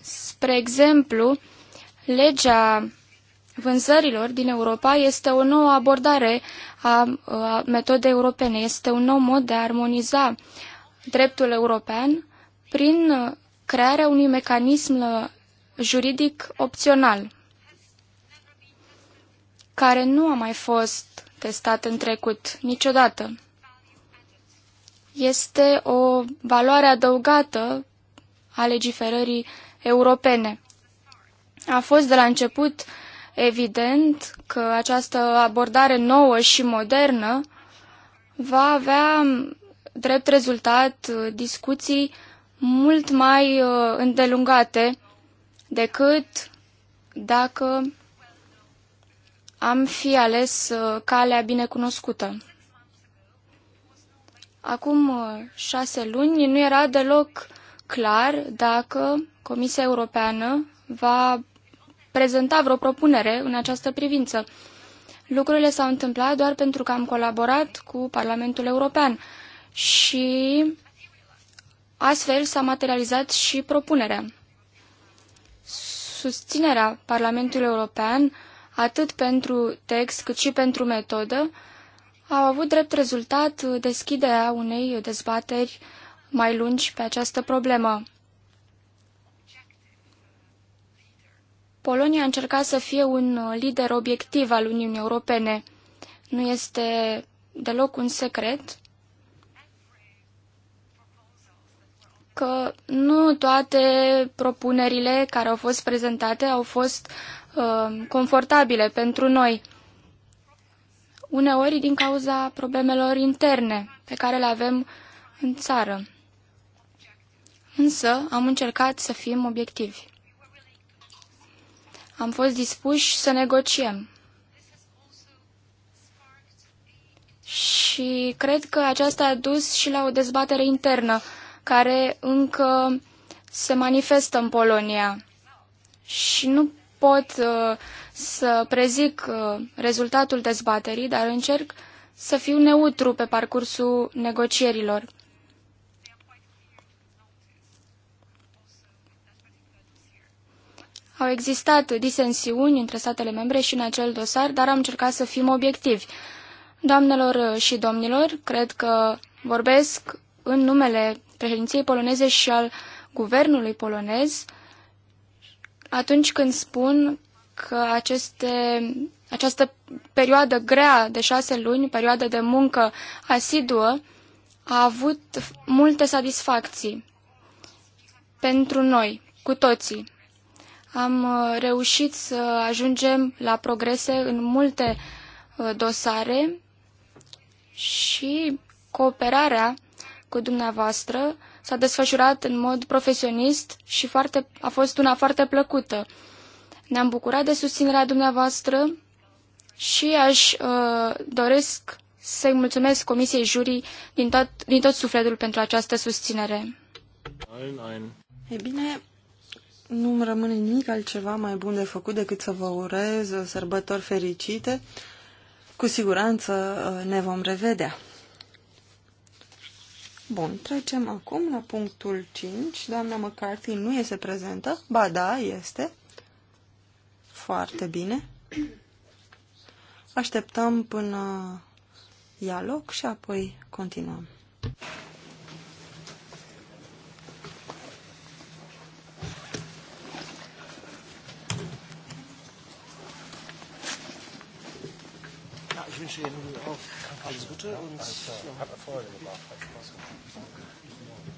Speaker 1: Spre exemplu, legea vânzărilor din Europa este o nouă abordare a, a metodei europene, este un nou mod de a armoniza dreptul european prin crearea unui mecanism juridic opțional, care nu a mai fost testat în trecut niciodată este o valoare adăugată a legiferării europene. A fost de la început evident că această abordare nouă și modernă va avea drept rezultat discuții mult mai uh, îndelungate decât dacă am fi ales uh, calea binecunoscută acum uh, șase luni nu era deloc clar dacă Comisia Europeană va prezenta vreo propunere în această privință. Lucrurile s-au întâmplat doar pentru că am colaborat cu Parlamentul European și astfel s-a materializat și propunerea. Susținerea Parlamentului European, atât pentru text cât și pentru metodă, au avut drept rezultat deschiderea unei dezbateri mai lungi pe această problemă. Polonia a încercat să fie un lider obiectiv al Uniunii Europene. Nu este deloc un secret că nu toate propunerile care au fost prezentate au fost uh, confortabile pentru noi uneori din cauza problemelor interne pe care le avem în țară. Însă am încercat să fim obiectivi. Am fost dispuși să negociem. Și cred că aceasta a dus și la o dezbatere internă care încă se manifestă în Polonia. Și nu pot uh, să prezic uh, rezultatul dezbaterii, dar încerc să fiu neutru pe parcursul negocierilor. Au existat disensiuni între statele membre și în acel dosar, dar am încercat să fim obiectivi. Doamnelor și domnilor, cred că vorbesc în numele președinției poloneze și al guvernului polonez atunci când spun că aceste, această perioadă grea de șase luni, perioadă de muncă asiduă, a avut multe satisfacții pentru noi, cu toții. Am uh, reușit să ajungem la progrese în multe uh, dosare și cooperarea cu dumneavoastră s-a desfășurat în mod profesionist și foarte, a fost una foarte plăcută. Ne-am bucurat de susținerea dumneavoastră și aș uh, doresc să-i mulțumesc Comisiei Jurii din tot, din tot sufletul pentru această susținere. E bine,
Speaker 2: nu îmi rămâne nimic altceva mai bun de făcut decât să vă urez o sărbători fericite. Cu siguranță uh, ne vom revedea. Bun, trecem acum la punctul 5. Doamna McCarthy nu este prezentă. Ba da, este. Foarte bine. Așteptăm până ia loc și apoi continuăm.
Speaker 1: Da, ich wünsche Ihnen auch alles Gute und ja, hat Erfolg gemacht. Hat Spaß er gemacht.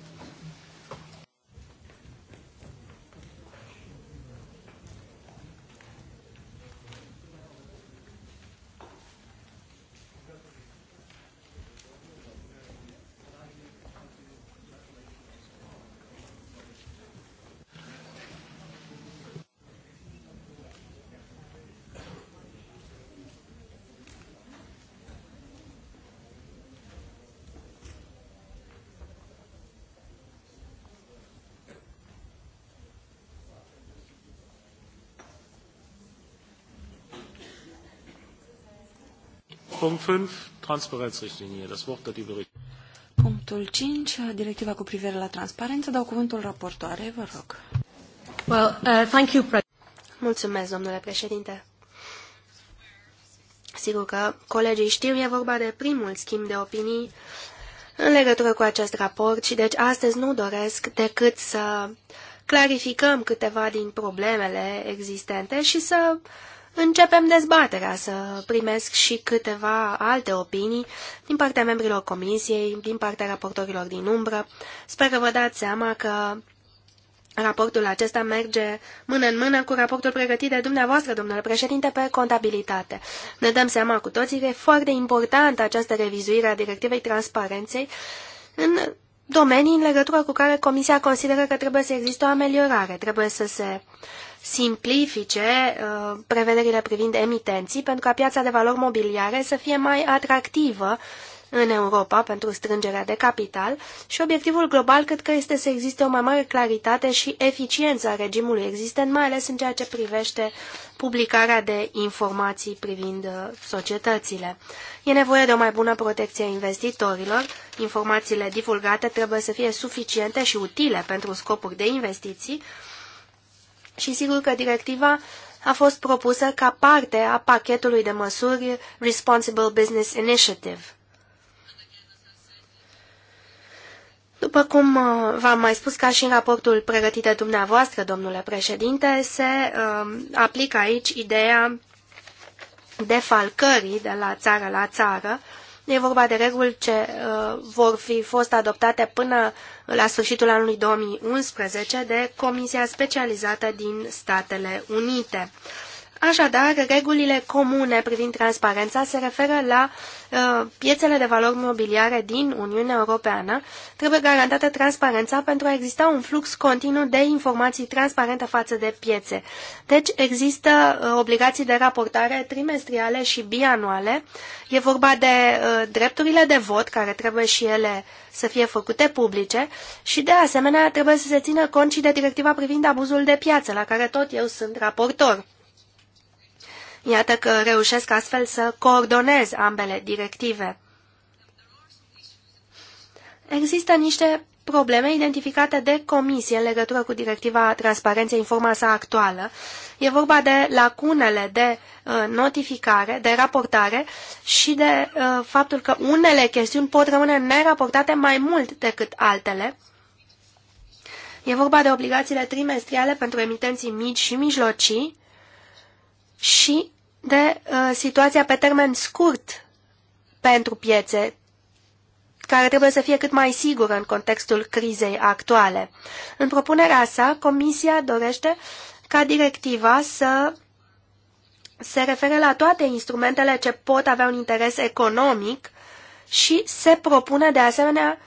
Speaker 1: Punct 5, Transparenzrichtlinie. Das Wort hat die Bericht.
Speaker 2: Punctul 5, directiva cu privire la transparență, dau cuvântul raportoarei, vă rog.
Speaker 3: Well, uh, thank you, Mulțumesc, domnule președinte. Sigur că colegii știu, e vorba de primul schimb de opinii în legătură cu acest raport și deci astăzi nu doresc decât să clarificăm câteva din problemele existente și să Începem dezbaterea să primesc și câteva alte opinii din partea membrilor comisiei, din partea raportorilor din umbră. Sper că vă dați seama că raportul acesta merge mână în mână cu raportul pregătit de dumneavoastră, domnule președinte, pe contabilitate. Ne dăm seama cu toții că e foarte importantă această revizuire a directivei transparenței în domenii în legătură cu care Comisia consideră că trebuie să existe o ameliorare, trebuie să se simplifice uh, prevederile privind emitenții pentru ca piața de valori mobiliare să fie mai atractivă în Europa pentru strângerea de capital și obiectivul global cred că este să existe o mai mare claritate și eficiență a regimului existent, mai ales în ceea ce privește publicarea de informații privind uh, societățile. E nevoie de o mai bună protecție a investitorilor, informațiile divulgate trebuie să fie suficiente și utile pentru scopuri de investiții și sigur că directiva a fost propusă ca parte a pachetului de măsuri Responsible Business Initiative. După cum uh, v-am mai spus, ca și în raportul pregătit de dumneavoastră, domnule președinte, se uh, aplică aici ideea defalcării de la țară la țară. E vorba de reguli ce uh, vor fi fost adoptate până la sfârșitul anului 2011 de Comisia Specializată din Statele Unite. Uh, Așadar, regulile comune privind transparența se referă la uh, piețele de valori mobiliare din Uniunea Europeană. Trebuie garantată transparența pentru a exista un flux continuu de informații transparente față de piețe. Deci există uh, obligații de raportare trimestriale și bianuale. E vorba de uh, drepturile de vot care trebuie și ele să fie făcute publice și de asemenea trebuie să se țină cont și de directiva privind abuzul de piață la care tot eu sunt raportor. Iată că reușesc astfel să coordonez ambele directive. Există niște probleme identificate de comisie în legătură cu directiva transparenței sa actuală. E vorba de lacunele de uh, notificare, de raportare și de uh, faptul că unele chestiuni pot rămâne neraportate mai mult decât altele. E vorba de obligațiile trimestriale pentru emitenții mici și mijlocii și de uh, situația pe termen scurt pentru piețe, care trebuie să fie cât mai sigură în contextul crizei actuale. În propunerea sa, Comisia dorește ca directiva să se refere la toate instrumentele ce pot avea un interes economic și se propune de asemenea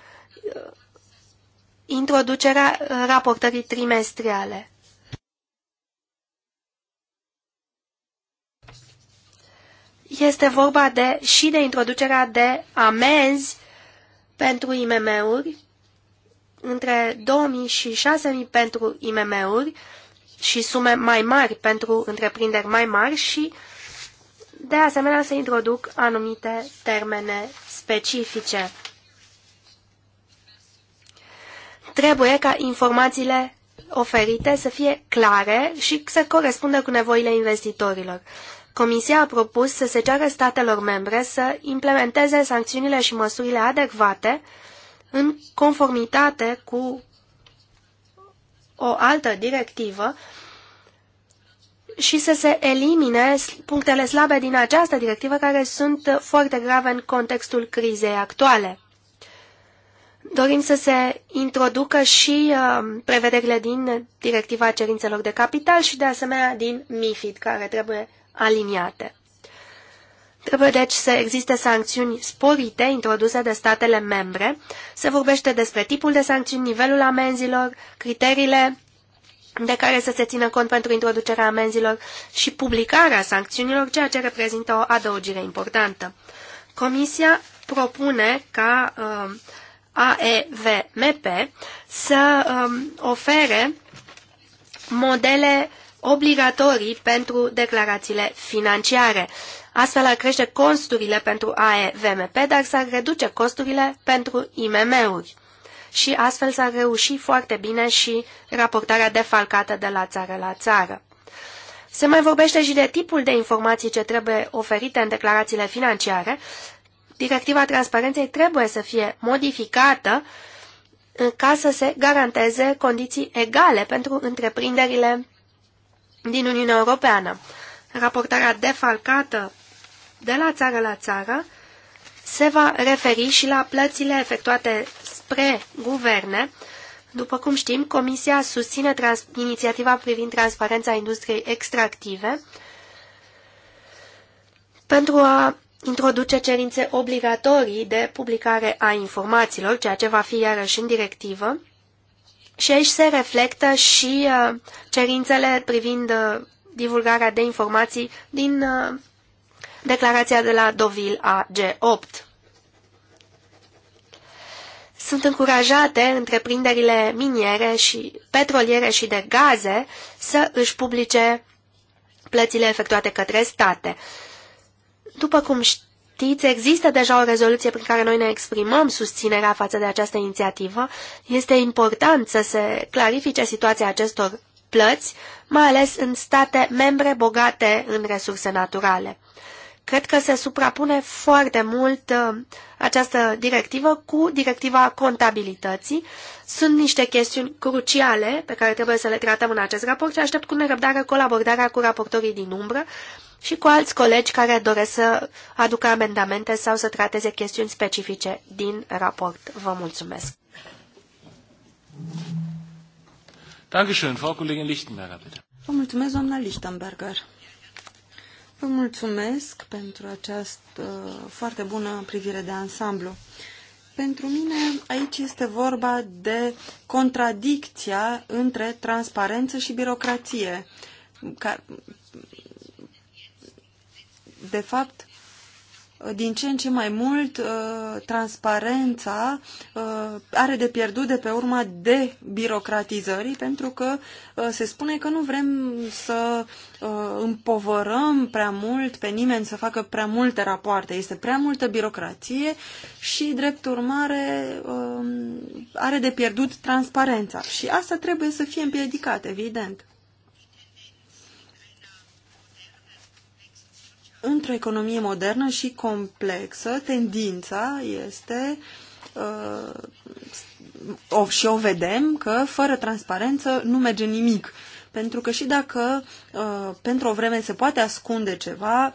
Speaker 3: uh, introducerea uh, raportării trimestriale. este vorba de, și de introducerea de amenzi pentru IMM-uri, între 2000 și 6000 pentru IMM-uri și sume mai mari pentru întreprinderi mai mari și, de asemenea, se introduc anumite termene specifice. Trebuie ca informațiile oferite să fie clare și să corespundă cu nevoile investitorilor. Comisia a propus să se ceară statelor membre să implementeze sancțiunile și măsurile adecvate în conformitate cu o altă directivă și să se elimine punctele slabe din această directivă care sunt foarte grave în contextul crizei actuale. Dorim să se introducă și uh, prevederile din Directiva Cerințelor de Capital și de asemenea din MIFID, care trebuie aliniate. Trebuie deci să existe sancțiuni sporite introduse de statele membre. Se vorbește despre tipul de sancțiuni, nivelul amenzilor, criteriile de care să se țină cont pentru introducerea amenzilor și publicarea sancțiunilor, ceea ce reprezintă o adăugire importantă. Comisia propune ca uh, um, AEVMP să uh, ofere modele obligatorii pentru declarațiile financiare. Astfel ar crește costurile pentru AEVMP, dar s-ar reduce costurile pentru IMM-uri. Și astfel s-ar reuși foarte bine și raportarea defalcată de la țară la țară. Se mai vorbește și de tipul de informații ce trebuie oferite în declarațiile financiare. Directiva transparenței trebuie să fie modificată uh, ca să se garanteze condiții egale pentru întreprinderile din Uniunea Europeană. Raportarea defalcată de la țară la țară se va referi și la plățile efectuate spre guverne. După cum știm, Comisia susține trans inițiativa privind transparența industriei extractive pentru a introduce cerințe obligatorii de publicare a informațiilor, ceea ce va fi iarăși în directivă, și aici se reflectă și uh, cerințele privind uh, divulgarea de informații din uh, declarația de la Dovil a G8. Sunt încurajate întreprinderile miniere și petroliere și de gaze să își publice plățile efectuate către state. După cum știți, știți, există deja o rezoluție prin care noi ne exprimăm susținerea față de această inițiativă. Este important să se clarifice situația acestor plăți, mai ales în state membre bogate în resurse naturale. Cred că se suprapune foarte mult uh, această directivă cu directiva contabilității. Sunt niște chestiuni cruciale pe care trebuie să le tratăm în acest raport și aștept cu nerăbdare colaborarea cu raportorii din umbră și cu alți colegi care doresc să aducă amendamente sau să trateze chestiuni specifice din raport. Vă mulțumesc!
Speaker 1: Dankeschön, Frau Kollegin Lichtenberger, bitte.
Speaker 2: Vă mulțumesc, doamna Lichtenberger. Vă mulțumesc pentru această foarte bună privire de ansamblu. Pentru mine aici este vorba de contradicția între transparență și birocrație, de fapt, din ce în ce mai mult uh, transparența uh, are de pierdut de pe urma de birocratizării pentru că uh, se spune că nu vrem să împovărăm prea mult pe nimeni să facă prea multe rapoarte. Este prea multă birocrație și, drept urmare, um, are de pierdut transparența. Și asta trebuie să fie împiedicat, evident. într-o economie modernă și complexă, tendința este uh, și o vedem că fără transparență nu merge nimic. Pentru că și dacă uh, pentru o vreme se poate ascunde ceva,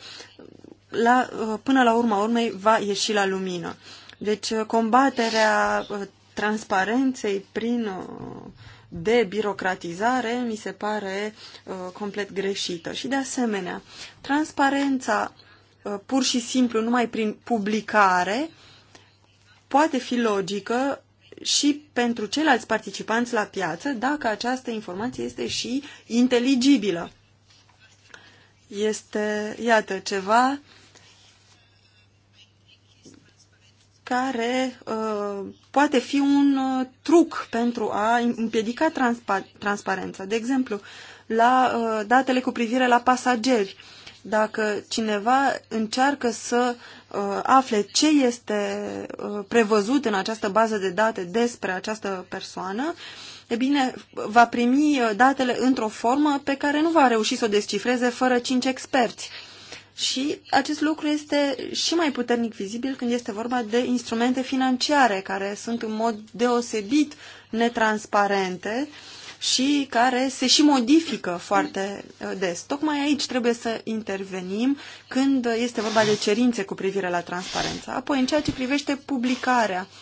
Speaker 2: la, uh, până la urma urmei va ieși la lumină. Deci uh, combaterea uh, transparenței prin uh, de birocratizare mi se pare uh, complet greșită. Și de asemenea, transparența uh, pur și simplu numai prin publicare poate fi logică și pentru ceilalți participanți la piață dacă această informație este și inteligibilă. Este, iată, ceva care uh, poate fi un uh, truc pentru a împiedica transpa transparența. De exemplu, la uh, datele cu privire la pasageri. Dacă cineva încearcă să uh, afle ce este uh, prevăzut în această bază de date despre această persoană, e bine, va primi uh, datele într-o formă pe care nu va reuși să o descifreze fără cinci experți. Și acest lucru este și mai puternic vizibil când este vorba de instrumente financiare care sunt în mod deosebit netransparente și care se și modifică foarte uh, des. Tocmai aici trebuie să intervenim când este vorba de cerințe cu privire la transparență. Apoi, în ceea ce privește publicarea, uh,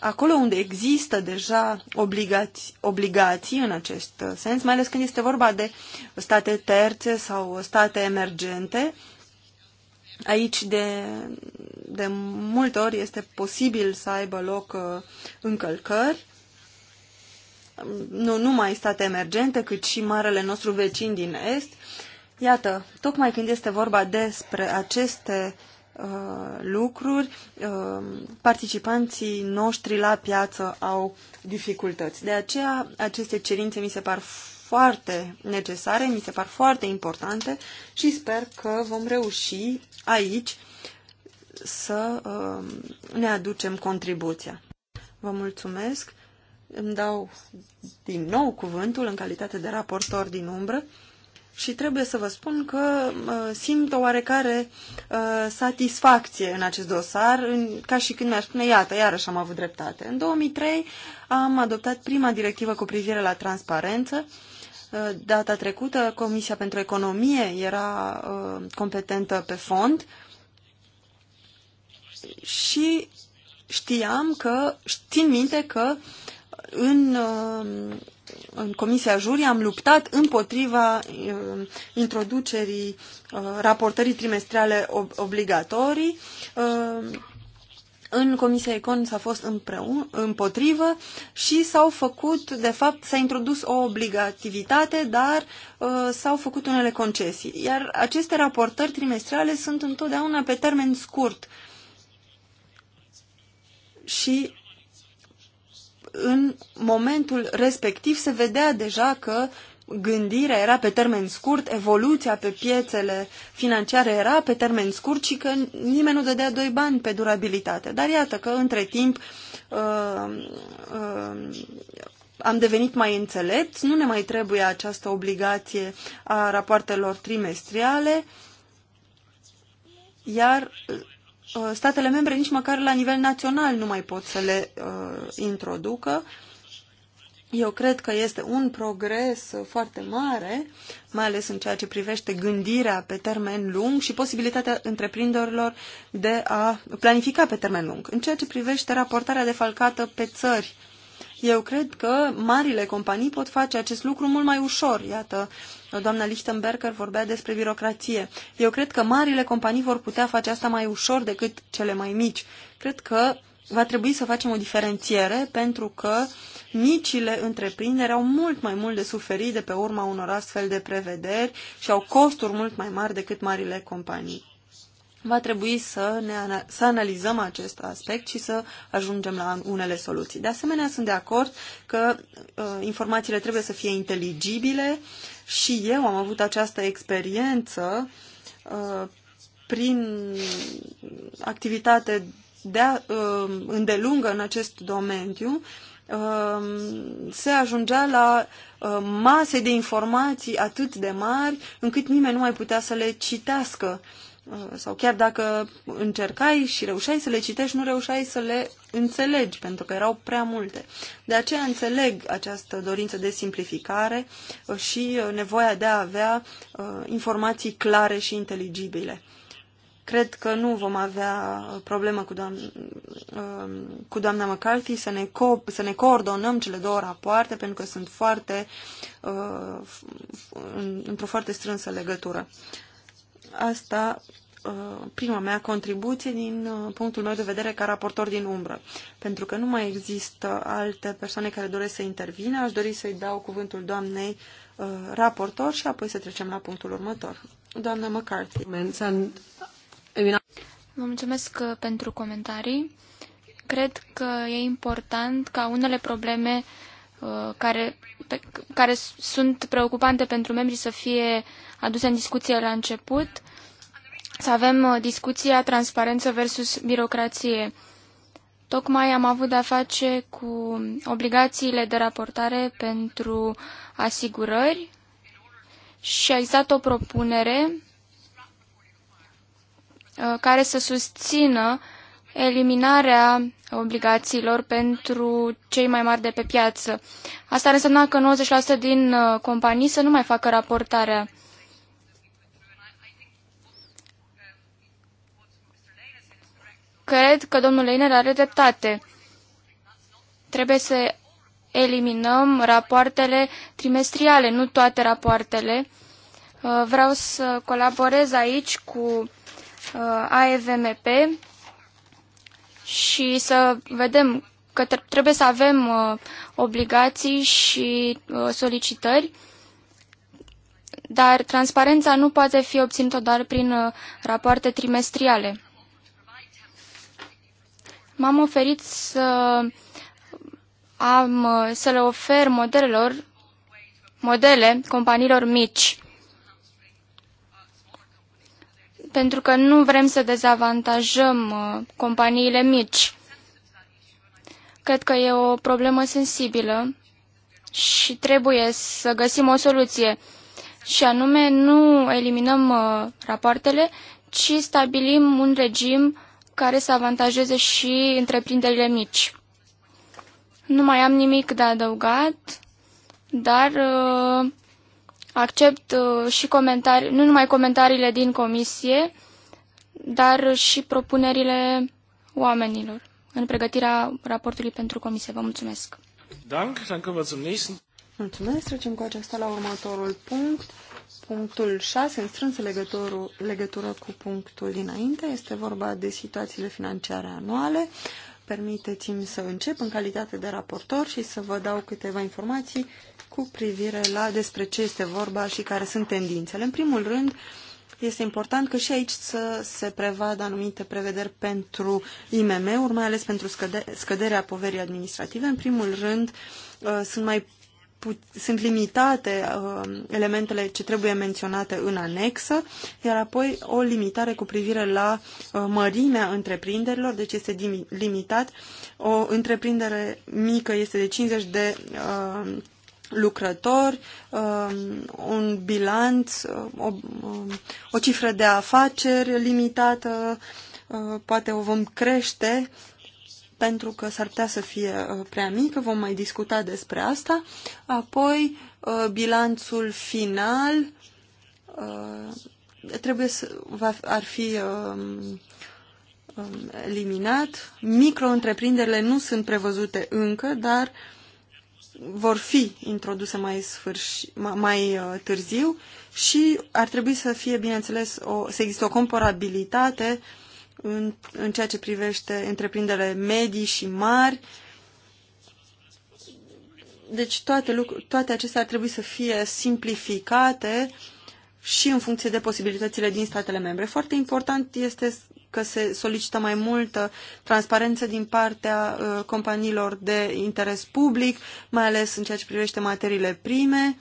Speaker 2: acolo unde există deja obligații, obligații în acest uh, sens, mai ales când este vorba de state terțe sau state emergente, aici de, de multe ori este posibil să aibă loc uh, încălcări, nu numai state emergente, cât și marele nostru vecin din Est. Iată, tocmai când este vorba despre aceste Uh, lucruri, uh, participanții noștri la piață au dificultăți. De aceea, aceste cerințe mi se par foarte necesare, mi se par foarte importante și sper că vom reuși aici să uh, ne aducem contribuția. Vă mulțumesc! Îmi dau din nou cuvântul în calitate de raportor din umbră și trebuie să vă spun că uh, simt o oarecare uh, satisfacție în acest dosar, în, ca și când mi-aș spune, iată, iarăși am avut dreptate. În 2003 am adoptat prima directivă cu privire la transparență. Uh, data trecută, Comisia pentru Economie era uh, competentă pe fond și știam că, țin minte că în uh, în Comisia Juri am luptat împotriva uh, introducerii uh, raportării trimestriale obligatorii. Uh, în Comisia Econ s-a fost împreună, împotrivă și s-au făcut, de fapt, s-a introdus o obligativitate, dar s-au făcut unele concesii. Iar aceste raportări trimestriale sunt întotdeauna pe termen scurt. Și în momentul respectiv se vedea deja că gândirea era pe termen scurt, evoluția pe piețele financiare era pe termen scurt și că nimeni nu dădea doi bani pe durabilitate. Dar iată că între timp uh, uh, am devenit mai înțelept, nu ne mai trebuie această obligație a rapoartelor trimestriale, iar Uh, statele membre nici măcar la nivel național nu mai pot să le uh, introducă. Eu cred că este un progres foarte mare, mai ales în ceea ce privește gândirea pe termen lung și posibilitatea întreprinderilor de a planifica pe termen lung. În ceea ce privește raportarea defalcată pe țări, eu cred că marile companii pot face acest lucru mult mai ușor. Iată, doamna Lichtenberger vorbea despre birocrație. Eu cred că marile companii vor putea face asta mai ușor decât cele mai mici. Cred că va trebui să facem o diferențiere pentru că micile întreprinderi au mult mai mult de suferit de pe urma unor astfel de prevederi și au costuri mult mai mari decât marile companii va trebui să, ne, să analizăm acest aspect și să ajungem la unele soluții. De asemenea, sunt de acord că uh, informațiile trebuie să fie inteligibile și eu am avut această experiență uh, prin activitate de a, uh, îndelungă în acest domeniu uh, se ajungea la uh, mase de informații atât de mari încât nimeni nu mai putea să le citească. Uh, sau chiar dacă încercai și reușeai să le citești, nu reușeai să le înțelegi, pentru că erau prea multe. De aceea înțeleg această dorință de simplificare uh, și uh, nevoia de a avea uh, informații clare și inteligibile. Cred că nu vom avea problemă cu doam cu doamna McCarthy să ne, co- să ne coordonăm cele două rapoarte, pentru că sunt foarte, într-o foarte strânsă legătură. Asta uh, prima mea contribuție din uh, punctul meu de vedere ca raportor din umbră. Pentru că nu mai există alte persoane care doresc să intervină, aș dori să-i dau cuvântul doamnei uh, raportor
Speaker 1: și apoi să trecem la punctul următor. Doamna McCarthy. Vă mulțumesc pentru comentarii. Cred că e important ca unele probleme uh, Uh, care, pe, care sunt preocupante pentru membrii să fie aduse în discuție la început, să avem uh, discuția transparență versus birocrație. Tocmai am avut de-a face cu obligațiile de raportare pentru asigurări și a existat o propunere uh, care să susțină eliminarea obligațiilor pentru cei mai mari de pe piață. Asta ar însemna că 90% din uh, companii să nu mai facă raportarea. Cred că domnul Leiner are dreptate. Trebuie să eliminăm rapoartele trimestriale, nu toate rapoartele. Uh, vreau să colaborez aici cu uh, AEVMP și să vedem că trebuie să avem uh, obligații și uh, solicitări, dar transparența nu poate fi obținută doar prin uh, rapoarte trimestriale. M-am oferit să, am, uh, să le ofer modelelor, modele companiilor mici pentru că nu vrem să dezavantajăm uh, companiile mici. Cred că e o problemă sensibilă și trebuie să găsim o soluție. Și anume, nu eliminăm uh, rapoartele, ci stabilim un regim care să avantajeze și întreprinderile mici. Nu mai am nimic de adăugat, dar uh, accept uh, și comentarii, nu numai comentariile din comisie, dar și propunerile oamenilor în pregătirea raportului pentru comisie. Vă mulțumesc! Dank, dann können wir Mulțumesc, trecem cu
Speaker 2: aceasta la următorul punct. Punctul 6, în strânsă legătură cu punctul dinainte, este vorba de situațiile financiare anuale. Permiteți-mi să încep în calitate de raportor și să vă dau câteva informații cu privire la despre ce este vorba și care sunt tendințele. În primul rând, este important că și aici să se prevadă anumite prevederi pentru IMM-uri, mai ales pentru scăde- scăderea poverii administrative. În primul rând, uh, sunt mai sunt limitate uh, elementele ce trebuie menționate în anexă, iar apoi o limitare cu privire la uh, mărimea întreprinderilor, deci este limitat. O întreprindere mică este de 50 de uh, lucrători, um, un bilanț, um, o, um, o cifră de afaceri limitată, uh, poate o vom crește pentru că s-ar putea să fie uh, prea mică, vom mai discuta despre asta. Apoi, uh, bilanțul final trebuie să va, ar fi eliminat. Micro-întreprinderile nu sunt prevăzute încă, dar uh, vor fi introduse mai, sfârș, mai uh, târziu și ar trebui să fie, bineînțeles, o, să există o comparabilitate în, în ceea ce privește întreprinderile medii și mari. Deci toate, toate acestea ar trebui să fie simplificate și în funcție de posibilitățile din statele membre. Foarte important este că se solicită mai multă transparență din partea uh, companiilor de interes public, mai ales în ceea ce privește materiile prime,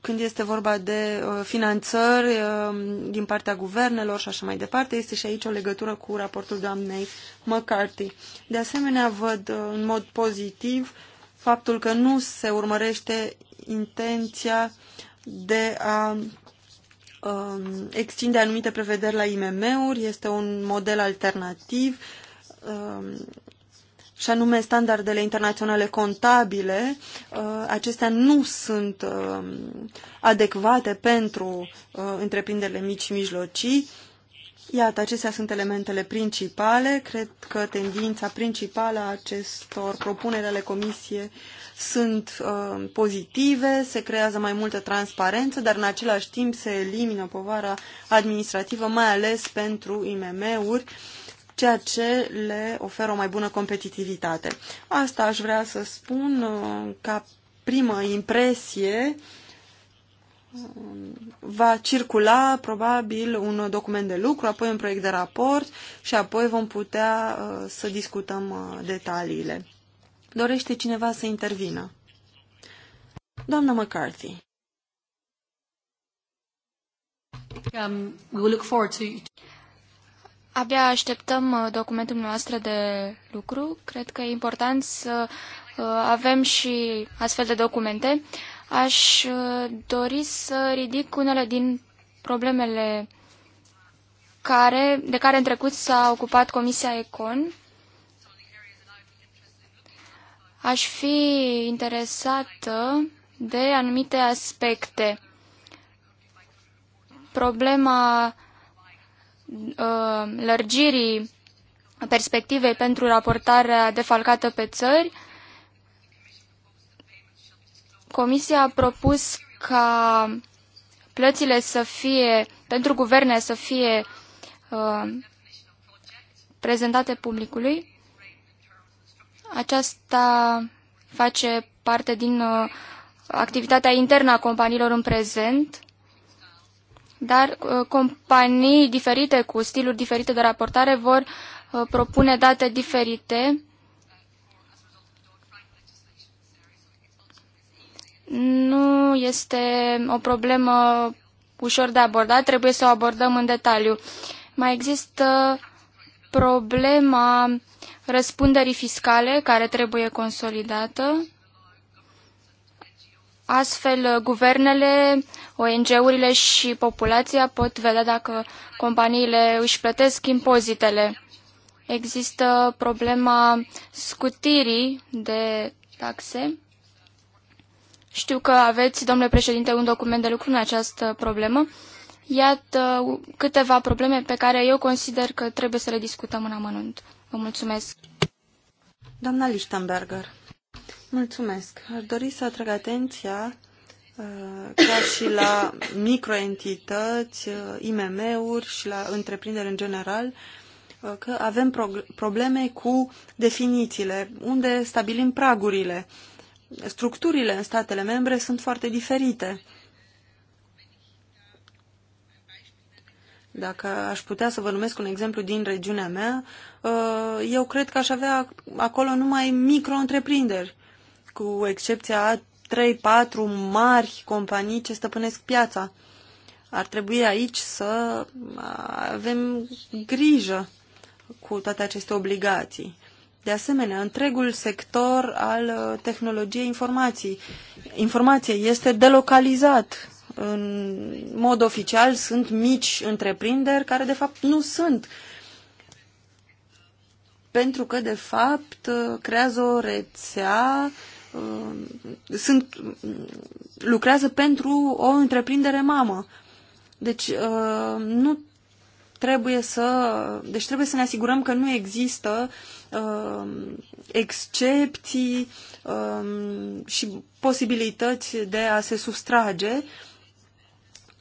Speaker 2: când este vorba de uh, finanțări uh, din partea guvernelor și așa mai departe, este și aici o legătură cu raportul doamnei McCarthy. De asemenea, văd în mod pozitiv faptul că nu se urmărește intenția de a Um, extinde anumite prevederi la IMM-uri, este un model alternativ, um, și anume standardele internaționale contabile, uh, acestea nu sunt um, adecvate pentru uh, întreprinderile mici și mijlocii. Iată, acestea sunt elementele principale. Cred că tendința principală a acestor propuneri ale Comisiei sunt uh, pozitive, se creează mai multă transparență, dar în același timp se elimină povara administrativă, mai ales pentru IMM-uri, ceea ce le oferă o mai bună competitivitate. Asta aș vrea să spun uh, ca primă impresie um, va circula probabil un document de lucru, apoi un proiect de raport și apoi vom putea uh, să discutăm uh, detaliile. Dorește cineva să intervină? Doamna McCarthy.
Speaker 1: Um, we look forward to... Abia așteptăm uh, documentul noastră de lucru. Cred că e important să uh, avem și astfel de documente. Aș uh, dori să ridic unele din problemele care, de care în trecut s-a ocupat Comisia Econ aș fi interesată de anumite aspecte. Problema uh, lărgirii perspectivei pentru raportarea defalcată pe țări. Comisia a propus ca plățile să fie, pentru guverne să fie uh, prezentate publicului. Aceasta face parte din uh, activitatea internă a companiilor în prezent, dar uh, companii diferite cu stiluri diferite de raportare vor uh, propune date diferite. Nu este o problemă ușor de abordat, trebuie să o abordăm în detaliu. Mai există problema răspunderii fiscale care trebuie consolidată. Astfel, guvernele, ONG-urile și populația pot vedea dacă companiile își plătesc impozitele. Există problema scutirii de taxe. Știu că aveți, domnule președinte, un document de lucru în această problemă. Iată câteva probleme pe care eu consider că trebuie să le discutăm în amănunt. Vă mulțumesc.
Speaker 2: Doamna Lichtenberger, mulțumesc. Aș dori să atrag atenția uh, ca și la microentități, uh, IMM-uri și la întreprinderi în general, uh, că avem probleme cu definițiile, unde stabilim pragurile. Structurile în statele membre sunt foarte diferite. Dacă aș putea să vă numesc un exemplu din regiunea mea, uh, eu cred că aș avea acolo numai micro-întreprinderi, cu excepția a 3-4 mari companii ce stăpânesc piața. Ar trebui aici să avem grijă cu toate aceste obligații. De asemenea, întregul sector al uh, tehnologiei informației. Informația este delocalizat în mod oficial sunt mici întreprinderi care de fapt nu sunt. Pentru că de fapt creează o rețea, uh, sunt, lucrează pentru o întreprindere mamă. Deci uh, nu trebuie să, deci trebuie să ne asigurăm că nu există uh, excepții și posibilități de a se sustrage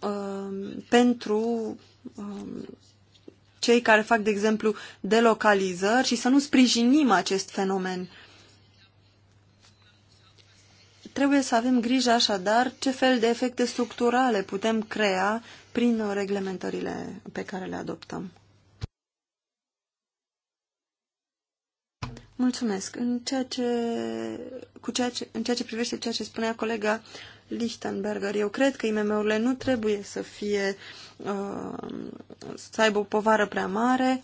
Speaker 2: Um, pentru um, cei care fac, de exemplu, delocalizări și să nu sprijinim acest fenomen. Trebuie să avem grijă așadar ce fel de efecte structurale putem crea prin reglementările pe care le adoptăm. Mulțumesc. În ceea ce, cu ceea ce, în ceea ce privește ceea ce spunea colega Lichtenberger. Eu cred că IMM-urile nu trebuie să fie uh, să aibă o povară prea mare.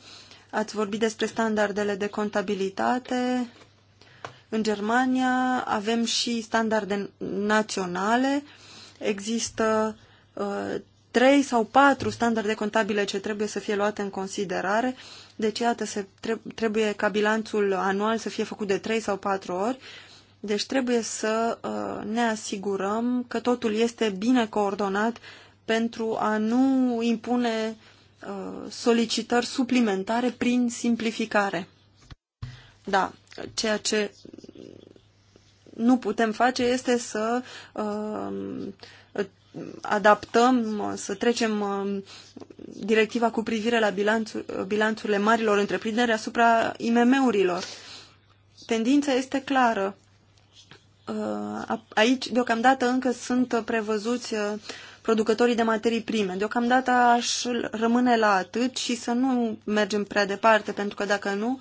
Speaker 2: Ați vorbit despre standardele de contabilitate. În Germania avem și standarde naționale. Există uh, trei sau patru standarde contabile ce trebuie să fie luate în considerare. Deci, iată, se, trebuie ca bilanțul anual să fie făcut de trei sau patru ori deci trebuie să uh, ne asigurăm că totul este bine coordonat pentru a nu impune uh, solicitări suplimentare prin simplificare. Da, ceea ce nu putem face este să uh, adaptăm, să trecem directiva cu privire la bilanțul, bilanțurile marilor întreprinderi asupra IMM-urilor. Tendința este clară. Uh, aici deocamdată încă sunt prevăzuți uh, producătorii de materii prime. Deocamdată aș rămâne la atât și să nu mergem prea departe, pentru că dacă nu,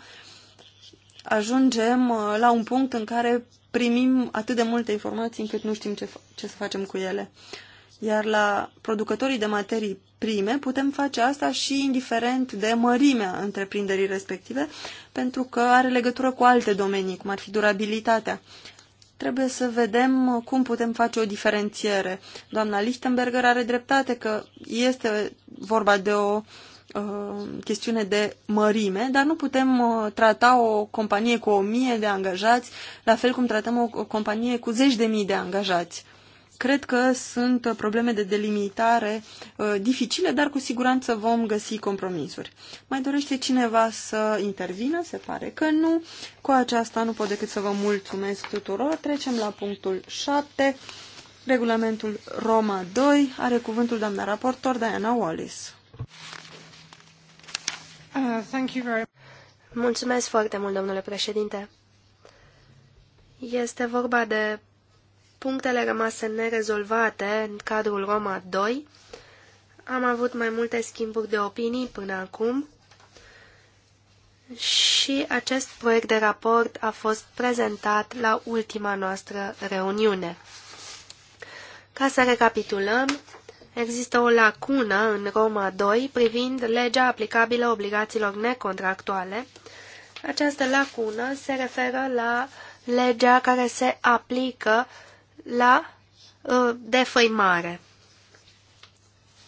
Speaker 2: ajungem uh, la un punct în care primim atât de multe informații încât nu știm ce, ce să facem cu ele. Iar la producătorii de materii prime putem face asta și indiferent de mărimea întreprinderii respective, pentru că are legătură cu alte domenii, cum ar fi durabilitatea trebuie să vedem uh, cum putem face o diferențiere. Doamna Lichtenberger are dreptate că este vorba de o uh, chestiune de mărime, dar nu putem uh, trata o companie cu o mie de angajați la fel cum tratăm o, o companie cu zeci de mii de angajați. Cred că sunt uh, probleme de delimitare uh, dificile, dar cu siguranță vom găsi compromisuri. Mai dorește cineva să intervină? Se pare că nu. Cu aceasta nu pot decât să vă mulțumesc tuturor. Trecem la punctul 7. Regulamentul Roma 2 are cuvântul doamna raportor Diana Wallis.
Speaker 3: Uh, thank you very... Mulțumesc foarte mult, domnule președinte. Este vorba de punctele rămase nerezolvate în cadrul Roma 2. Am avut mai multe schimburi de opinii până acum și acest proiect de raport a fost prezentat la ultima noastră reuniune. Ca să recapitulăm, există o lacună în Roma 2 privind legea aplicabilă obligațiilor necontractuale. Această lacună se referă la legea care se aplică la ă, defăimare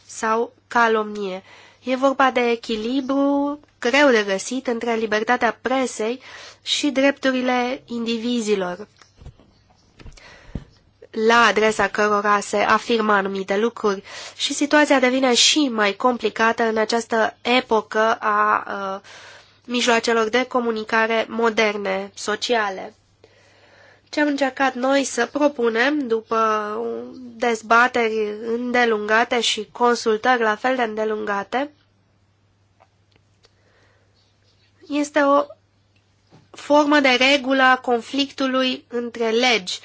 Speaker 3: sau calomnie. E vorba de echilibru greu de găsit între libertatea presei și drepturile indivizilor, la adresa cărora se afirmă anumite lucruri și situația devine și mai complicată în această epocă a uh, mijloacelor de comunicare moderne, sociale. Ce am încercat noi să propunem, după dezbateri îndelungate și consultări la fel de îndelungate, este o formă de regulă a conflictului între legi,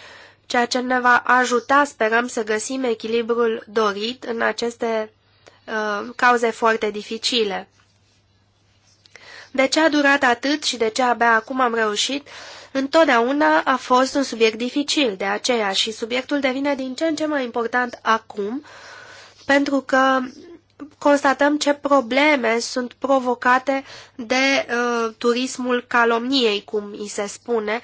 Speaker 3: ceea ce ne va ajuta, sperăm, să găsim echilibrul dorit în aceste uh, cauze foarte dificile. De ce a durat atât și de ce abia acum am reușit? întotdeauna a fost un subiect dificil de aceea și subiectul devine din ce în ce mai important acum, pentru că constatăm ce probleme sunt provocate de uh, turismul calomniei, cum îi se spune,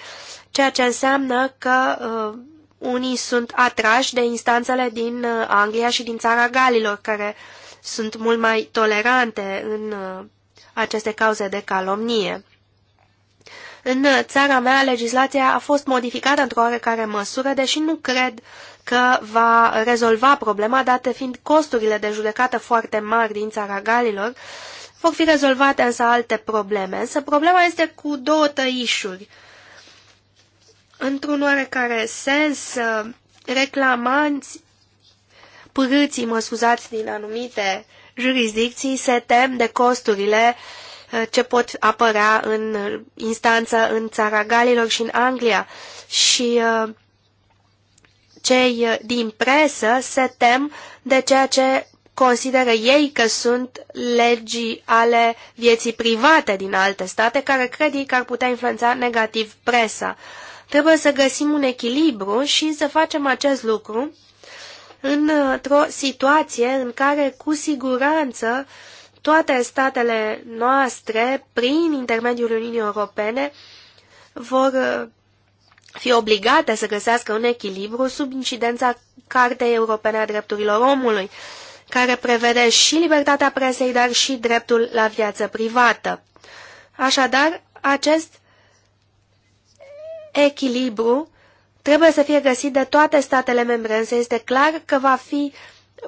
Speaker 3: ceea ce înseamnă că uh, unii sunt atrași de instanțele din uh, Anglia și din țara Galilor, care sunt mult mai tolerante în uh, aceste cauze de calomnie. În țara mea, legislația a fost modificată într-o oarecare măsură, deși nu cred că va rezolva problema, date fiind costurile de judecată foarte mari din țara Galilor, vor fi rezolvate însă alte probleme. Însă problema este cu două tăișuri. Într-un oarecare sens, reclamanți, pârâții, mă scuzați, din anumite jurisdicții se tem de costurile uh, ce pot apărea în instanță în țara Galilor și în Anglia și uh, cei din presă se tem de ceea ce consideră ei că sunt legii ale vieții private din alte state, care cred ei că ar putea influența negativ presa. Trebuie să găsim un echilibru și să facem acest lucru într-o situație în care cu siguranță uh, toate statele noastre, prin intermediul Uniunii Europene, vor uh, fi obligate să găsească un echilibru sub incidența Cartei Europene a Drepturilor Omului, care prevede și libertatea presei, dar și dreptul la viață privată. Așadar, acest echilibru trebuie să fie găsit de toate statele membre, însă este clar că va fi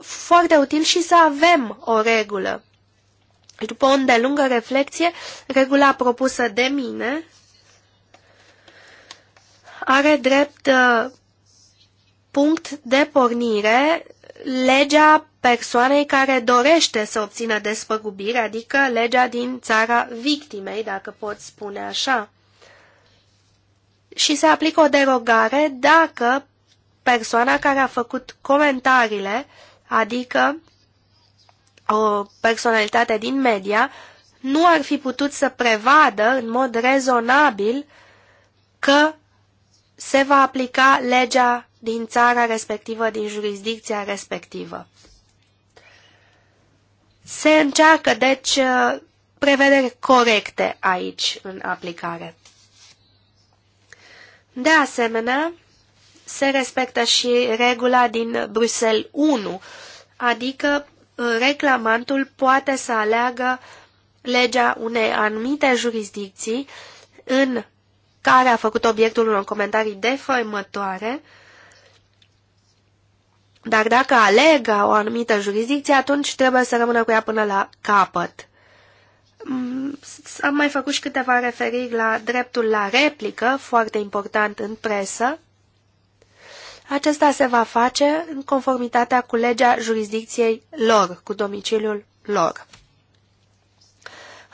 Speaker 3: foarte util și să avem o regulă. Și după o îndelungă reflexie, regula propusă de mine are drept uh, punct de pornire legea persoanei care dorește să obțină despăgubire, adică legea din țara victimei, dacă pot spune așa. Și se aplică o derogare dacă persoana care a făcut comentariile, adică o personalitate din media nu ar fi putut să prevadă în mod rezonabil că se va aplica legea din țara respectivă, din jurisdicția respectivă. Se încearcă, deci, uh, prevedere corecte aici în aplicare. De asemenea, se respectă și regula din Bruxelles 1, adică Uh, reclamantul poate să aleagă legea unei anumite jurisdicții în care a făcut obiectul unor comentarii defăimătoare, dar dacă alegă o anumită jurisdicție, atunci trebuie să rămână cu ea până la capăt. Am mm, mai făcut și câteva referiri la dreptul la replică, foarte important în presă. Acesta se va face în conformitatea cu legea jurisdicției lor, cu domiciliul lor.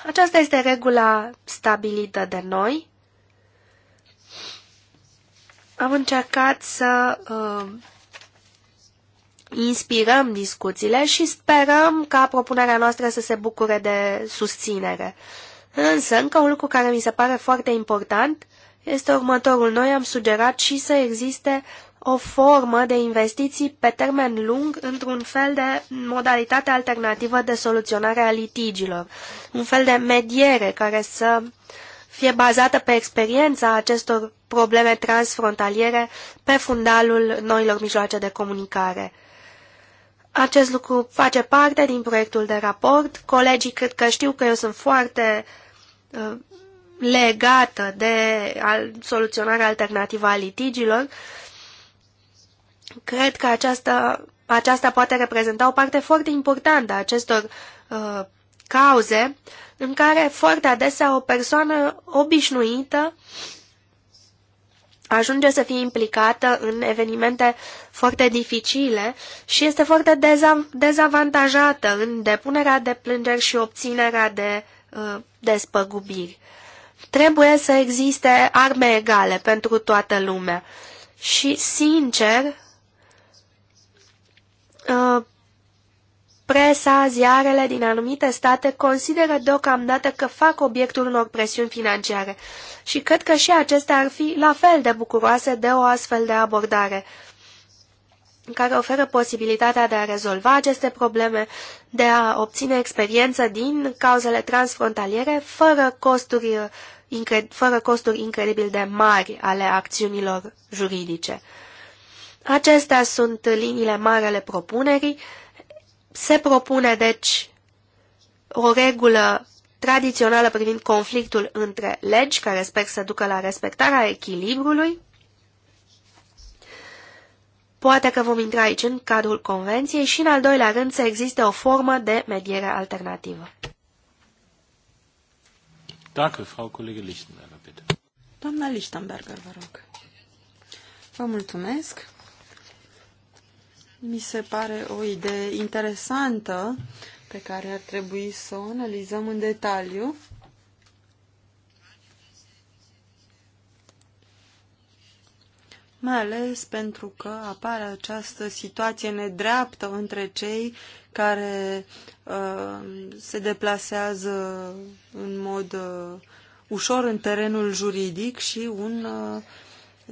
Speaker 3: Aceasta este regula stabilită de noi. Am încercat să uh, inspirăm discuțiile și sperăm ca propunerea noastră să se bucure de susținere. Însă, încă un lucru care mi se pare foarte important este următorul. Noi am sugerat și să existe o formă de investiții pe termen lung într-un fel de modalitate alternativă de soluționare a litigilor, un fel de mediere care să fie bazată pe experiența acestor probleme transfrontaliere pe fundalul noilor mijloace de comunicare. Acest lucru face parte din proiectul de raport. Colegii cred că știu că eu sunt foarte uh, legată de al, soluționarea alternativă a litigilor Cred că aceasta, aceasta poate reprezenta o parte foarte importantă a acestor uh, cauze în care foarte adesea o persoană obișnuită ajunge să fie implicată în evenimente foarte dificile și este foarte dezavantajată în depunerea de plângeri și obținerea de uh, despăgubiri. Trebuie să existe arme egale pentru toată lumea. Și, sincer, Uh, presa, ziarele din anumite state consideră deocamdată că fac obiectul unor presiuni financiare și cred că și acestea ar fi la fel de bucuroase de o astfel de abordare care oferă posibilitatea de a rezolva aceste probleme, de a obține experiență din cauzele transfrontaliere fără costuri, uh, fără costuri incredibil de mari ale acțiunilor juridice. Acestea sunt liniile mari ale propunerii. Se propune, deci, o regulă tradițională privind conflictul între legi, care sper să ducă la respectarea echilibrului. Poate că vom intra aici în cadrul convenției și, în al doilea rând, să existe o formă de mediere alternativă.
Speaker 2: Dacă, Frau Colegă Lichtenberger, bitte.
Speaker 3: Doamna Lichtenberger, vă rog.
Speaker 2: Vă mulțumesc. Mi se pare o idee interesantă pe care ar trebui să o analizăm în detaliu. mai ales pentru că apare această situație nedreaptă între cei care uh, se deplasează în mod uh, ușor în terenul juridic și un uh,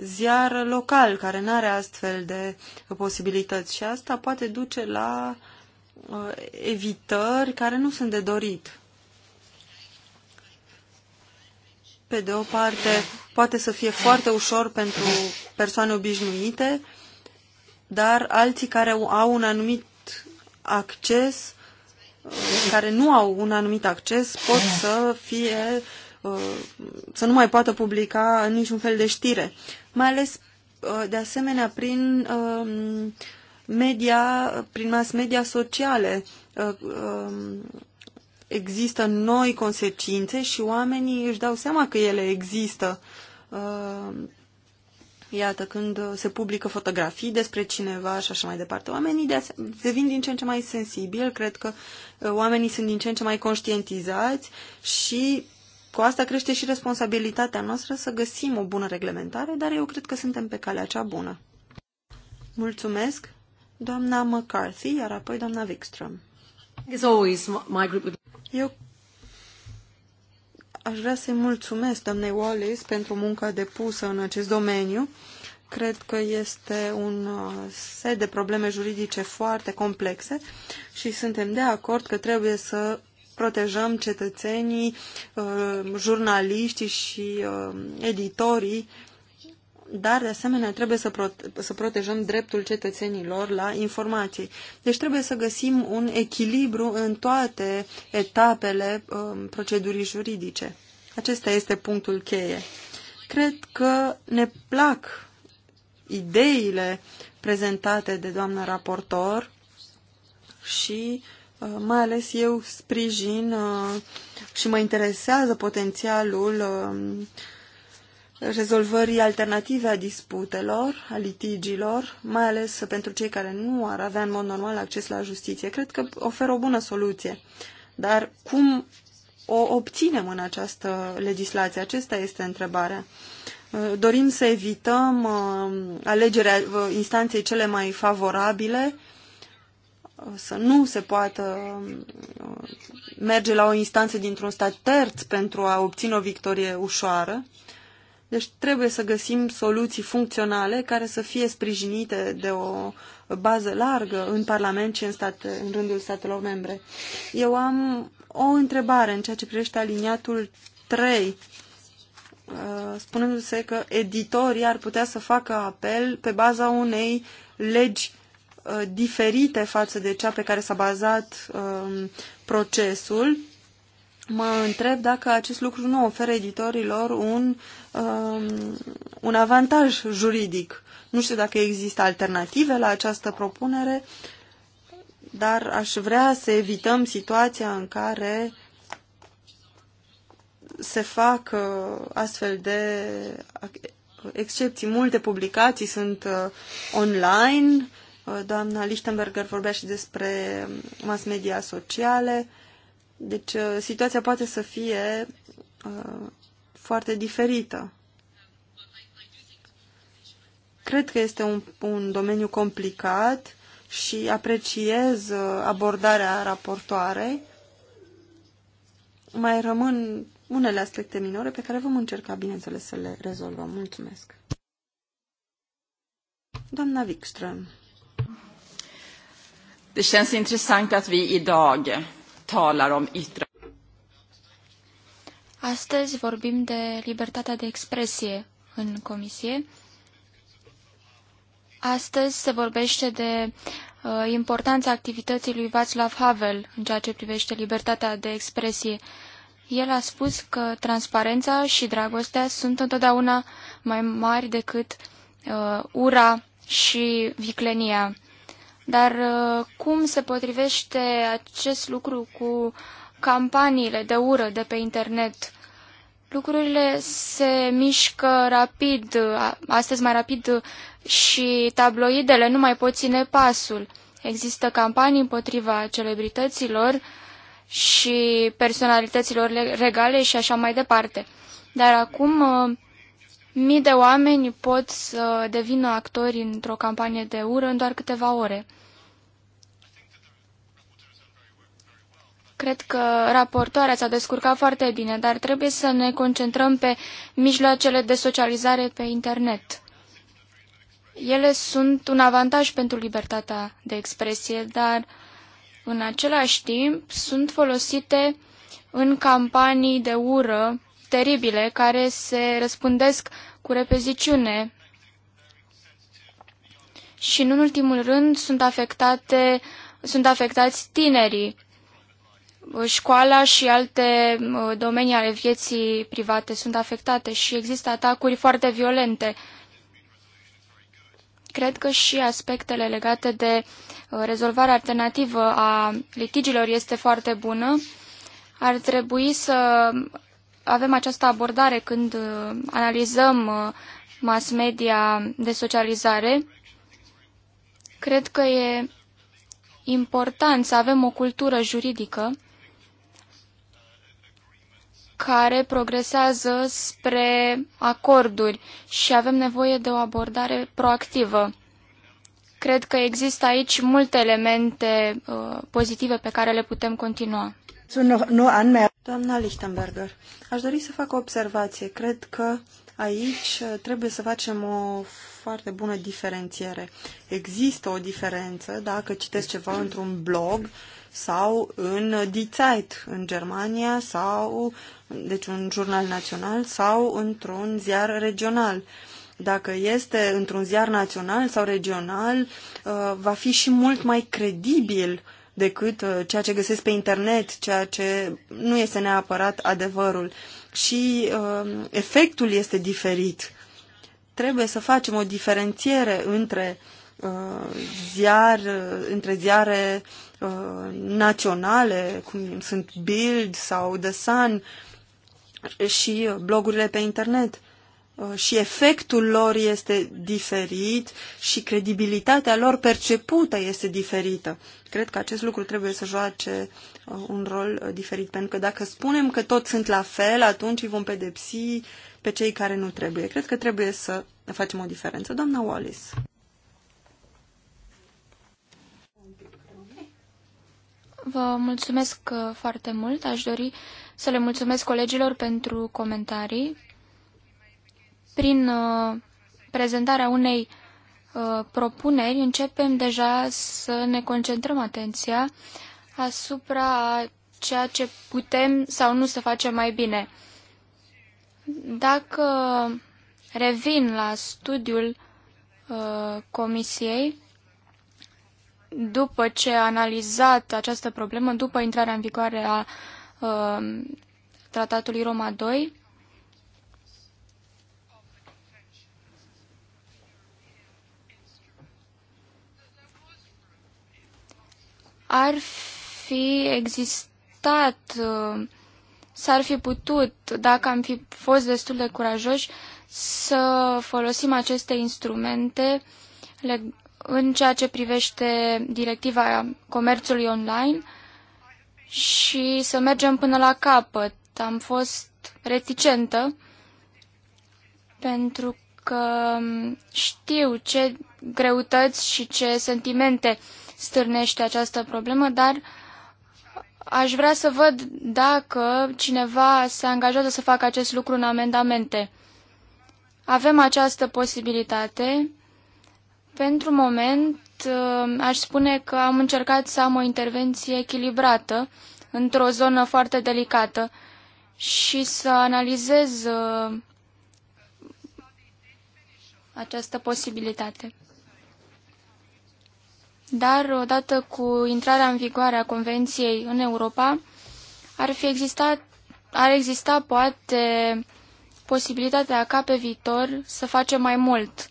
Speaker 2: ziar local care nu are astfel de posibilități și asta poate duce la uh, evitări care nu sunt de dorit. Pe de o parte, poate să fie foarte ușor pentru persoane obișnuite, dar alții care au un anumit acces, uh, care nu au un anumit acces, pot să fie uh, Uh, să nu mai poată publica niciun fel de știre, mai ales uh, de asemenea prin uh, media, prin mass media sociale um, există noi consecințe și oamenii își dau seama că ele există. Iată, când se publică fotografii despre cineva și așa mai departe, oamenii de devin din ce în ce mai sensibili, cred că oamenii sunt din ce în ce mai conștientizați și cu asta crește și responsabilitatea noastră să găsim o bună reglementare, dar eu cred că suntem pe calea cea bună. Mulțumesc, doamna McCarthy, iar apoi doamna Wickström. Eu aș vrea să-i mulțumesc doamnei Wallis pentru munca depusă în acest domeniu. Cred că este un uh, set de probleme juridice foarte complexe și suntem de acord că trebuie să protejăm cetățenii, uh, jurnaliștii și uh, editorii, dar de asemenea trebuie să, prote să protejăm dreptul cetățenilor la informații. Deci trebuie să găsim un echilibru în toate etapele um, procedurii juridice. Acesta este punctul cheie. Cred că ne plac ideile prezentate de doamna raportor și uh, Uh, mai ales eu sprijin uh, și mă interesează potențialul uh, rezolvării alternative a disputelor, a litigilor, mai ales pentru cei care nu ar avea în mod normal acces la justiție. Cred că oferă o bună soluție. Dar cum o obținem în această legislație? Acesta este întrebarea. Dorim să evităm alegerea instanței cele mai favorabile să nu se poată uh, merge la o instanță dintr-un stat terț pentru a obține o victorie ușoară. Deci trebuie să găsim soluții funcționale care să fie sprijinite de o bază largă în Parlament și în, state, în rândul statelor membre. Eu am o întrebare în ceea ce privește aliniatul 3, uh, spunându-se că editorii ar putea să facă apel pe baza unei legi Uh, diferite față de cea pe care s-a bazat um, procesul, mă întreb dacă acest lucru nu oferă editorilor un, um, un avantaj juridic. Nu știu dacă există alternative la această propunere, dar aș vrea să evităm situația în care se fac uh, astfel de excepții. Multe publicații sunt uh, online, Doamna Lichtenberger vorbea și despre mass media sociale. Deci uh, situația poate să fie uh, foarte diferită. Cred că este un, un domeniu complicat și apreciez uh, abordarea raportoarei. Mai rămân unele aspecte minore pe care vom încerca, bineînțeles, să le rezolvăm. Mulțumesc! Doamna Wikström
Speaker 1: Det känns intressant att vi idag talar om yttre... Astăzi vorbim de libertatea de expresie în comisie. Astăzi se vorbește de uh, importanța activității lui Václav Havel în ceea ce privește libertatea de expresie. El a spus că transparența și dragostea sunt întotdeauna mai mari decât uh, ura și viclenia. Dar uh, cum se potrivește acest lucru cu campaniile de ură de pe internet? Lucrurile se mișcă rapid, astăzi mai rapid, și tabloidele nu mai pot ține pasul. Există campanii împotriva celebrităților și personalităților regale și așa mai departe. Dar acum uh, Mii de oameni pot să devină actori într-o campanie de ură în doar câteva ore. Cred că raportoarea s-a descurcat foarte bine, dar trebuie să ne concentrăm pe mijloacele de socializare pe internet. Ele sunt un avantaj pentru libertatea de expresie, dar în același timp sunt folosite în campanii de ură teribile care se răspândesc cu repeziciune. Și în ultimul rând sunt, afectate, sunt afectați tinerii, școala și alte domenii ale vieții private sunt afectate și există atacuri foarte violente. Cred că și aspectele legate de rezolvarea alternativă a litigiilor este foarte bună. Ar trebui să avem această abordare când uh, analizăm uh, mass media de socializare. Cred că e important să avem o cultură juridică care progresează spre acorduri și avem nevoie de o abordare proactivă. Cred că există aici multe elemente uh, pozitive pe care le putem continua. Doamna Lichtenberger,
Speaker 2: aș dori să fac o observație. Cred că aici trebuie să facem o foarte bună diferențiere. Există o diferență dacă citesc ceva într-un blog sau în Die Zeit în Germania sau deci un jurnal național sau într-un ziar regional. Dacă este într-un ziar național sau regional, uh, va fi și mult mai credibil uh, decât uh, ceea ce găsesc pe internet, ceea ce nu este neapărat adevărul. Și uh, efectul este diferit. Trebuie să facem o diferențiere între uh, ziar, uh, între ziare uh, naționale, cum sunt Bild sau The Sun și uh, blogurile pe internet și efectul lor este diferit și credibilitatea lor percepută este diferită cred că acest lucru trebuie să joace uh, un rol uh, diferit, pentru că dacă spunem că toți sunt la fel, atunci îi vom pedepsi pe cei care nu trebuie. Cred că trebuie să facem o diferență. Doamna
Speaker 1: Wallis. Vă mulțumesc uh, foarte mult. Aș dori să le mulțumesc colegilor pentru comentarii. Prin prezentarea unei Uh, propuneri, începem deja să ne concentrăm atenția asupra ceea ce putem sau nu să facem mai bine. Dacă revin la studiul uh, comisiei, după ce a analizat această problemă, după intrarea în vigoare a uh, tratatului Roma 2, ar fi existat, uh, s-ar fi putut, dacă am fi fost destul de curajoși, să folosim aceste instrumente în ceea ce privește directiva comerțului online și să mergem până la capăt. Am fost reticentă pentru că știu ce greutăți și ce sentimente stârnește această problemă, dar aș vrea să văd dacă cineva se angajează să facă acest lucru în amendamente. Avem această posibilitate. Pentru moment, ă, aș spune că am încercat să am o intervenție echilibrată într-o zonă foarte delicată și să analizez ă, această posibilitate dar odată cu intrarea în vigoare a Convenției în Europa, ar, fi existat, ar exista poate posibilitatea ca pe viitor să facem mai mult.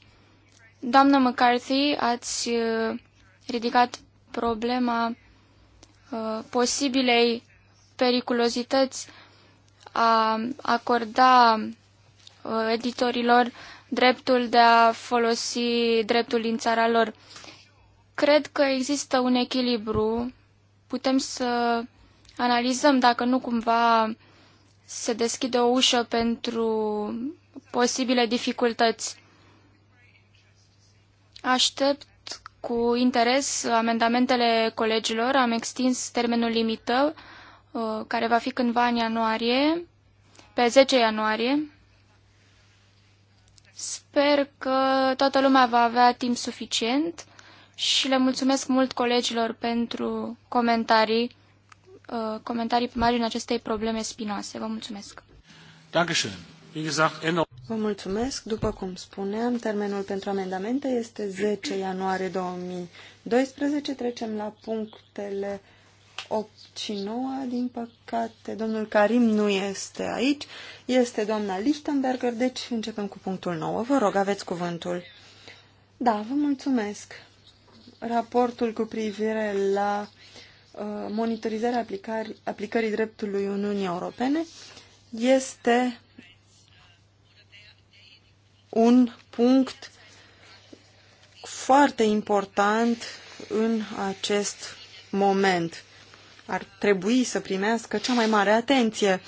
Speaker 1: Doamna McCarthy, ați uh, ridicat problema uh, posibilei periculozități a acorda uh, editorilor dreptul de a folosi dreptul din țara lor. Cred că există un echilibru. Putem să analizăm dacă nu cumva se deschide o ușă pentru posibile dificultăți. Aștept cu interes amendamentele colegilor. Am extins termenul limită, uh, care va fi cândva în ianuarie, pe 10 ianuarie. Sper că toată lumea va avea timp suficient și le mulțumesc mult colegilor pentru comentarii, uh, comentarii pe marginea acestei probleme spinoase. Vă mulțumesc! Vă mulțumesc. După cum spuneam, termenul pentru amendamente
Speaker 2: este 10 ianuarie 2012. Trecem la punctele 8 și 9. Din păcate, domnul Karim nu este aici. Este doamna Lichtenberger, deci începem cu punctul 9. Vă rog, aveți cuvântul. Da, vă mulțumesc raportul cu privire la uh, monitorizarea aplicării, aplicării dreptului Uniunii Europene este un punct foarte important în acest moment. Ar trebui să primească cea mai mare atenție,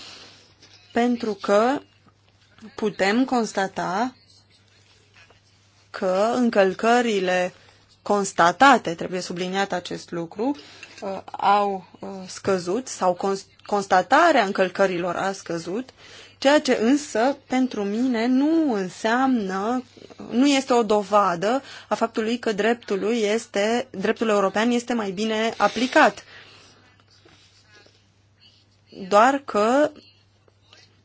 Speaker 2: pentru că putem constata că încălcările constatate, trebuie subliniat acest lucru, uh, au uh, scăzut sau constatarea încălcărilor a scăzut, ceea ce însă pentru mine nu înseamnă, nu este o dovadă a faptului că dreptul, lui este, dreptul european este mai bine aplicat. Doar că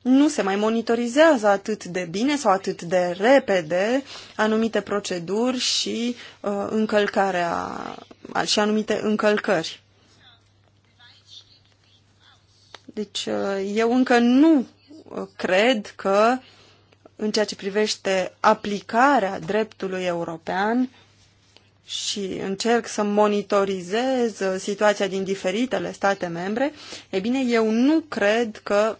Speaker 2: nu se mai monitorizează atât de bine sau atât de repede anumite proceduri și uh, încălcarea și anumite încălcări. Deci uh, eu încă nu uh, cred că în ceea ce privește aplicarea dreptului european și încerc să monitorizez uh, situația din diferitele state membre, e bine, eu nu cred că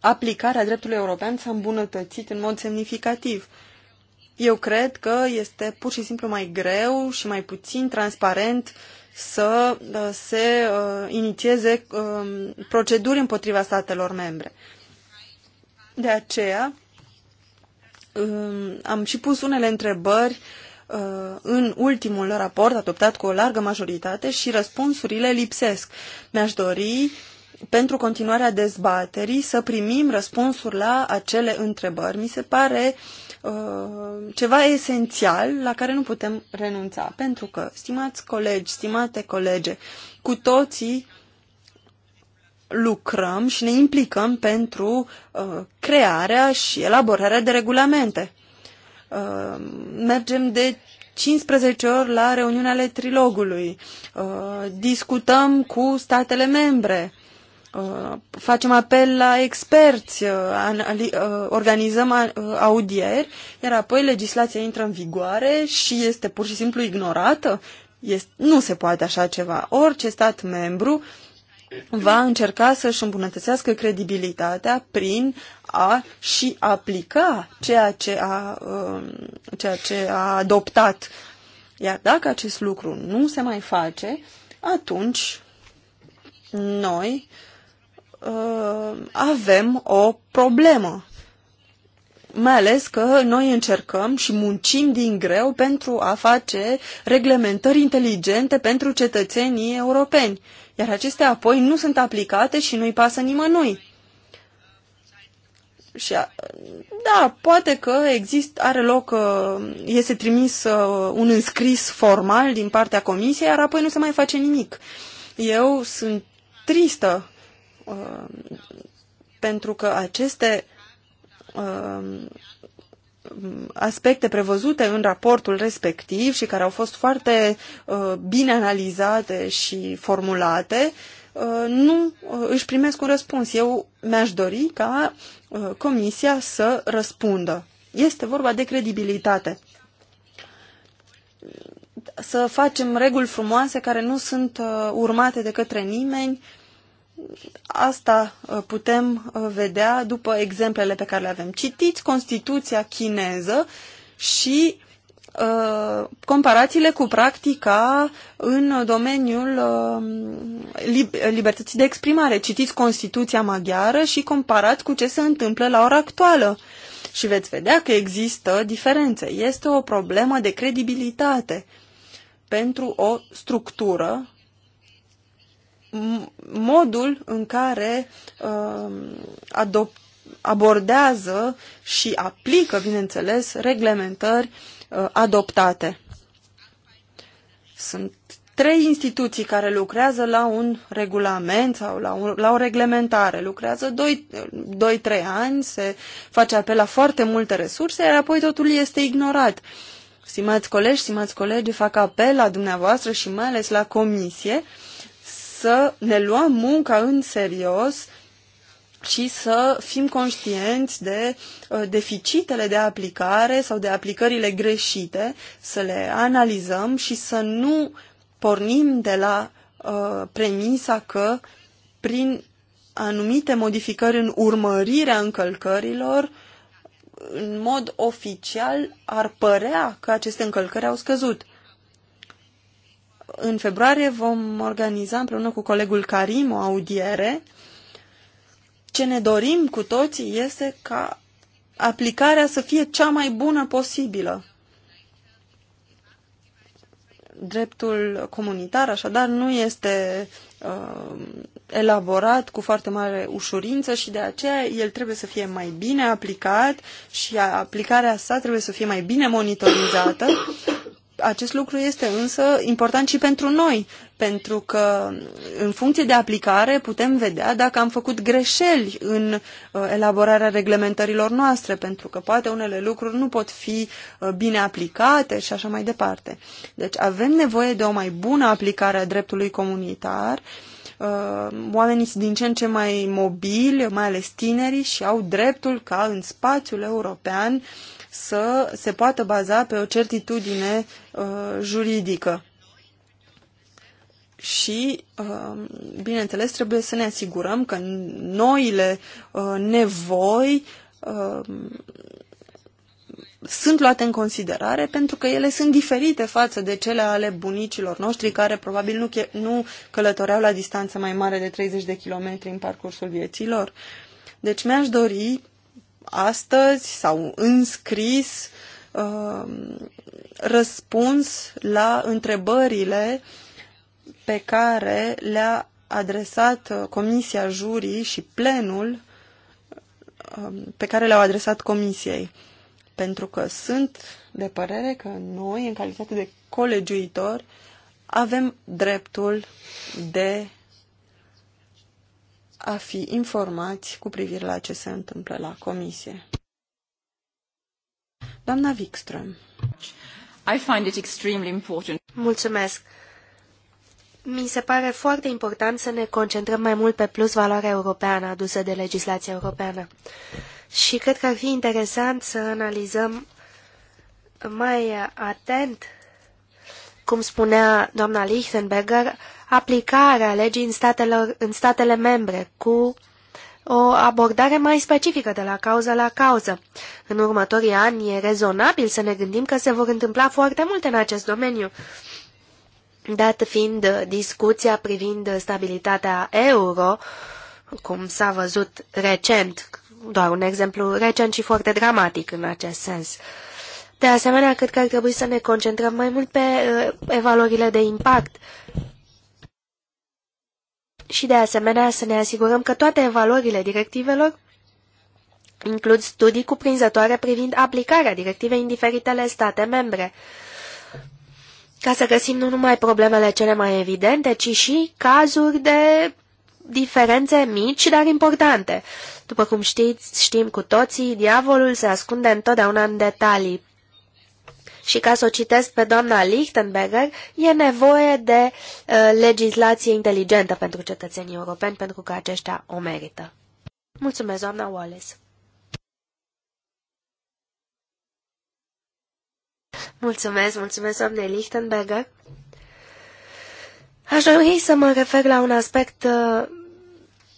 Speaker 2: aplicarea dreptului european s-a îmbunătățit în mod semnificativ. Eu cred că este pur și simplu mai greu și mai puțin transparent să uh, se uh, inițieze um, proceduri împotriva statelor membre. De aceea um, am și pus unele întrebări uh, în ultimul raport adoptat cu o largă majoritate și răspunsurile lipsesc. Mi-aș dori pentru continuarea dezbaterii să primim răspunsuri la acele întrebări. Mi se pare uh, ceva esențial la care nu putem renunța, pentru că, stimați colegi, stimate colege, cu toții lucrăm și ne implicăm pentru uh, crearea și elaborarea de regulamente. Uh, mergem de 15 ori la ale trilogului, uh, discutăm cu statele membre, Uh, facem apel la experți, uh, uh, organizăm audieri, iar apoi legislația intră în vigoare și este pur și simplu ignorată? Este, nu se poate așa ceva. Orice stat membru va încerca să-și îmbunătățească credibilitatea prin a și aplica ceea ce a, um, ceea ce a adoptat. Iar dacă acest lucru nu se mai face, atunci noi uh, uh, avem o problemă. Mai ales că noi încercăm și muncim din greu pentru a face reglementări inteligente pentru cetățenii europeni, iar acestea apoi nu sunt aplicate și nu-i pasă nimănui. Și a, da, poate că există, are loc, uh, este trimis uh, un înscris formal din partea comisiei, iar apoi nu se mai face nimic. Eu sunt tristă Uh, pentru că aceste uh, aspecte prevăzute în raportul respectiv și care au fost foarte uh, bine analizate și formulate, nu își primesc un răspuns. Eu mi-aș dori ca comisia să răspundă. Este vorba de credibilitate. Să facem reguli frumoase care nu sunt urmate de către nimeni Asta uh, putem uh, vedea după exemplele pe care le avem. Citiți Constituția chineză și uh, comparațiile cu practica în domeniul uh, lib libertății de exprimare. Citiți Constituția maghiară și comparați cu ce se întâmplă la ora actuală și veți vedea că există diferențe. Este o problemă de credibilitate pentru o structură modul în care uh, um, adop, abordează și aplică, bineînțeles, reglementări uh, adoptate. Sunt trei instituții care lucrează la un regulament sau la, un, la o reglementare. Lucrează 2-3 ani, se face apel la foarte multe resurse, iar apoi totul este ignorat. Stimați colegi, stimați colegi, fac apel la dumneavoastră și mai ales la comisie uh, să ne luăm munca în serios și să fim conștienți de uh, deficitele de aplicare sau de aplicările greșite, să le analizăm și să nu pornim de la uh, premisa că prin anumite modificări în urmărirea încălcărilor, în mod oficial ar părea că aceste încălcări au scăzut în februarie vom organiza împreună cu colegul Karim o audiere. Ce ne dorim cu toții este ca aplicarea să fie cea mai bună posibilă. Dreptul comunitar, așadar, nu este uh, elaborat cu foarte mare ușurință și de aceea el trebuie să fie mai bine aplicat și aplicarea sa trebuie să fie mai bine monitorizată acest lucru este însă important și pentru noi, pentru că în funcție de aplicare putem vedea dacă am făcut greșeli în uh, elaborarea reglementărilor noastre, pentru că poate unele lucruri nu pot fi uh, bine aplicate și așa mai departe. Deci avem nevoie de o mai bună aplicare a dreptului comunitar. Uh, oamenii sunt din ce în ce mai mobili, mai ales tinerii, și au dreptul ca în spațiul european să se poată baza pe o certitudine uh, juridică. Și, uh, bineînțeles, trebuie să ne asigurăm că noile uh, nevoi uh, sunt luate în considerare pentru că ele sunt diferite față de cele ale bunicilor noștri care probabil nu, nu călătoreau la distanță mai mare de 30 de kilometri în parcursul vieților. Deci mi-aș dori astăzi sau au înscris um, răspuns la întrebările pe care le-a adresat uh, Comisia Jurii și plenul um, pe care le-au adresat Comisiei. Pentru că sunt de părere că noi, în calitate de colegiuitori, avem dreptul de a fi informați cu privire la ce se întâmplă la
Speaker 3: comisie.
Speaker 2: Doamna Wikström.
Speaker 3: I find it extremely important. Mulțumesc. Mi se pare foarte important să ne concentrăm mai mult pe plus valoarea europeană adusă de legislația europeană. Și cred că ar fi interesant să analizăm mai atent cum spunea doamna Lichtenberger, aplicarea legii în, statelor, în statele membre cu o abordare mai specifică de la cauză la cauză. În următorii ani e rezonabil să ne gândim că se vor întâmpla foarte multe în acest domeniu, dat fiind discuția privind stabilitatea euro, cum s-a văzut recent, doar un exemplu recent și foarte dramatic în acest sens. De asemenea, cred că ar trebui să ne concentrăm mai mult pe uh, evaluările de impact și, de asemenea, să ne asigurăm că toate evaluările directivelor includ studii cuprinzătoare privind aplicarea directivei în diferitele state membre, ca să găsim nu numai problemele cele mai evidente, ci și cazuri de diferențe mici, dar importante. După cum știți, știm cu toții, diavolul se ascunde întotdeauna în detalii și ca să o citesc pe doamna Lichtenberger, e nevoie de uh, legislație inteligentă pentru cetățenii europeni, pentru că aceștia o merită. Mulțumesc, doamna Wallace. Mulțumesc, mulțumesc, doamne Lichtenberger. Aș dori să mă refer la un aspect uh,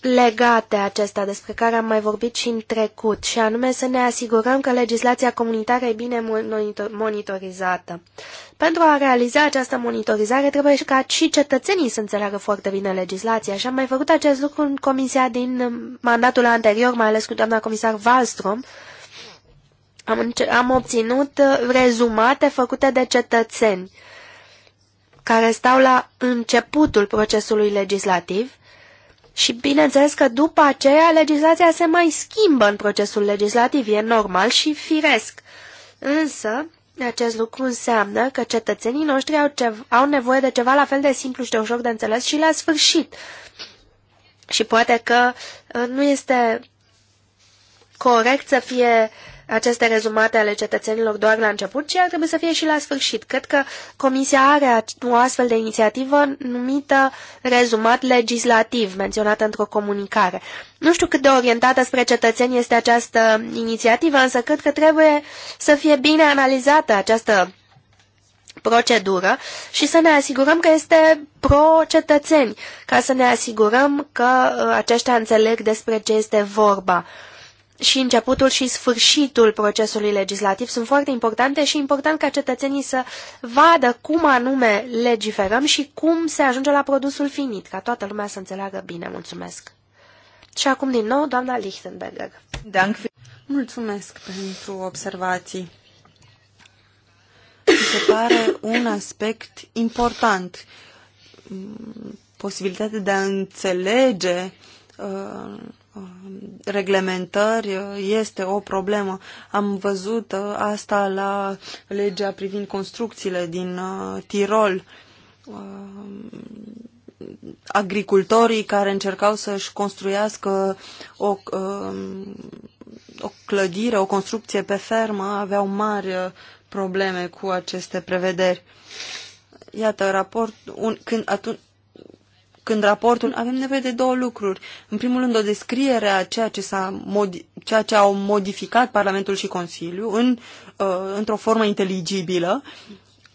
Speaker 3: legate acestea despre care am mai vorbit și în trecut, și anume să ne asigurăm că legislația comunitară e bine monitorizată. Pentru a realiza această monitorizare trebuie ca și cetățenii să înțeleagă foarte bine legislația și am mai făcut acest lucru în comisia din um, mandatul anterior, mai ales cu doamna comisar Wallström, am, am obținut uh, rezumate făcute de cetățeni care stau la începutul procesului legislativ și bineînțeles că după aceea legislația se mai schimbă în procesul legislativ, e normal și firesc. Însă, acest lucru înseamnă că cetățenii noștri au, ce au nevoie de ceva la fel de simplu și de ușor de înțeles și la sfârșit. Și poate că uh, nu este corect să fie aceste rezumate ale cetățenilor doar la început, ci ar trebui să fie și la sfârșit. Cred că Comisia are o astfel de inițiativă numită rezumat legislativ, menționată într-o comunicare. Nu știu cât de orientată spre cetățeni este această inițiativă, însă cred că trebuie să fie bine analizată această procedură și să ne asigurăm că este pro-cetățeni, ca să ne asigurăm că uh, aceștia înțeleg despre ce este vorba și începutul și sfârșitul procesului legislativ sunt foarte importante și important ca cetățenii să vadă cum anume legiferăm și cum se ajunge la produsul finit, ca toată lumea să înțeleagă bine. Mulțumesc! Și acum din nou, doamna Lichtenberger. Mulțumesc pentru observații.
Speaker 2: Mi se pare un aspect important. Mm, posibilitatea de a înțelege uh, reglementări este o problemă. Am văzut uh, asta la legea privind construcțiile din uh, Tirol. Uh, agricultorii care încercau să-și construiască o, o clădire, o construcție pe fermă, aveau mari probleme cu aceste prevederi. Iată, raport, un, când, atunci, când raportul, avem nevoie de două lucruri. În primul rând, o descriere a ceea ce, s-a modi- ceea ce au modificat Parlamentul și Consiliu în, uh, într-o formă inteligibilă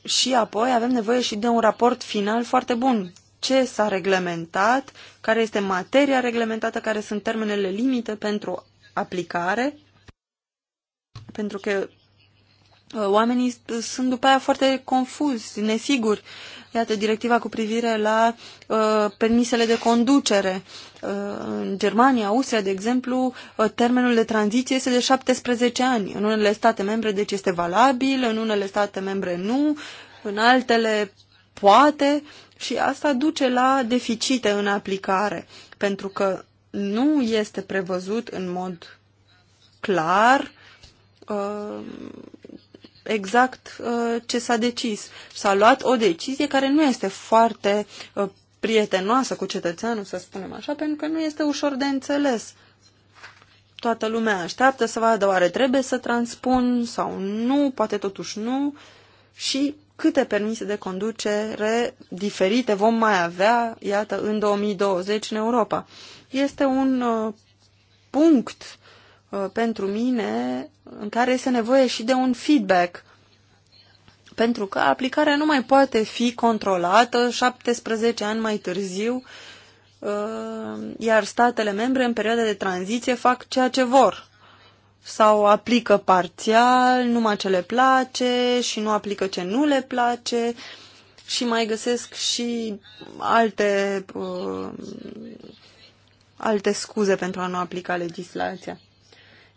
Speaker 2: și apoi avem nevoie și de un raport final foarte bun. Ce s-a reglementat, care este materia reglementată, care sunt termenele limite pentru aplicare, pentru că uh, oamenii sunt după aia foarte confuzi, nesiguri. Iată, directiva cu privire la uh, permisele de conducere. Uh, în Germania, Austria, de exemplu, uh, termenul de tranziție este de 17 ani. În unele state membre, deci, este valabil, în unele state membre nu, în altele poate și asta duce la deficite în aplicare, pentru că nu este prevăzut în mod clar uh, exact uh, ce s-a decis. S-a luat o decizie care nu este foarte uh, prietenoasă cu cetățeanul, să spunem așa, pentru că nu este ușor de înțeles. Toată lumea așteaptă să vadă oare trebuie să transpun sau nu, poate totuși nu, și câte permise de conducere diferite vom mai avea, iată, în 2020 în Europa. Este un uh, punct Uh, pentru mine în care este nevoie și de un feedback. Pentru că aplicarea nu mai poate fi controlată 17 ani mai târziu, uh, iar statele membre în perioada de tranziție fac ceea ce vor sau aplică parțial numai ce le place și nu aplică ce nu le place și mai găsesc și alte, uh, alte scuze pentru a nu aplica legislația.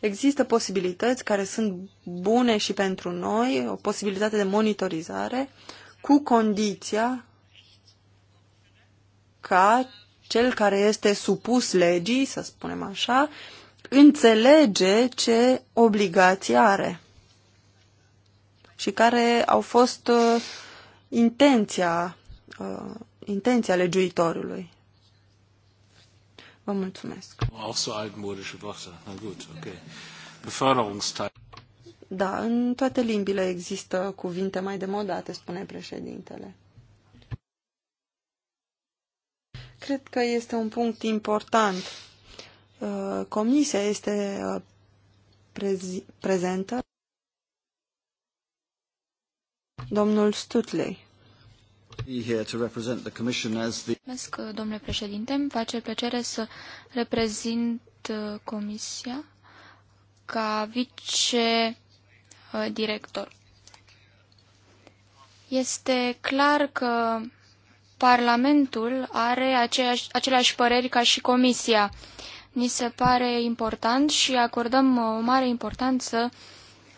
Speaker 2: Există posibilități care sunt bune și pentru noi, o posibilitate de monitorizare, cu condiția ca cel care este supus legii, să spunem așa, înțelege ce obligații are și care au fost uh, intenția, uh, intenția legiuitorului. Vă mulțumesc. Da, în toate limbile există cuvinte mai demodate, spune președintele. Cred că este un punct important. Uh, comisia este uh, prezentă. Domnul Stutley. Mulțumesc,
Speaker 1: domnule președinte. Îmi face plăcere să reprezint uh, comisia ca vice-director. Este clar că Parlamentul are aceeași, aceleași păreri ca și Comisia. Ni se pare important și acordăm uh, o mare importanță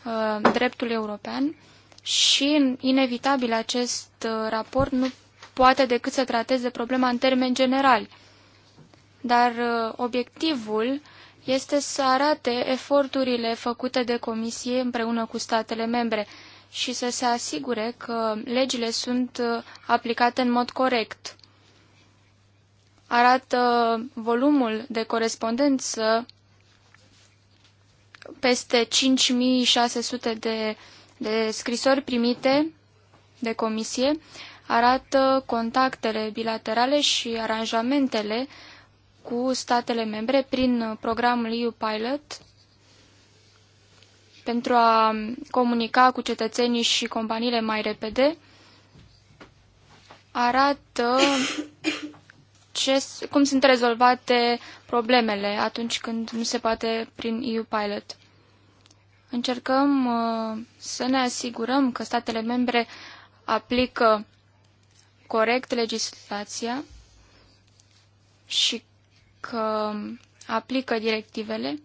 Speaker 1: uh, dreptului european și, inevitabil, acest uh, raport nu poate decât să trateze problema în termeni generali. Dar uh, obiectivul este să arate eforturile făcute de Comisie împreună cu statele membre și să se asigure că legile sunt uh, aplicate în mod corect. Arată volumul de corespondență peste 5600 de de scrisori primite de comisie arată contactele bilaterale și aranjamentele cu statele membre prin programul EU Pilot pentru a comunica cu cetățenii și companiile mai repede, arată ce, cum sunt rezolvate problemele atunci când nu se poate prin EU Pilot. Încercăm uh, să ne asigurăm că statele membre aplică corect legislația și că aplică directivele.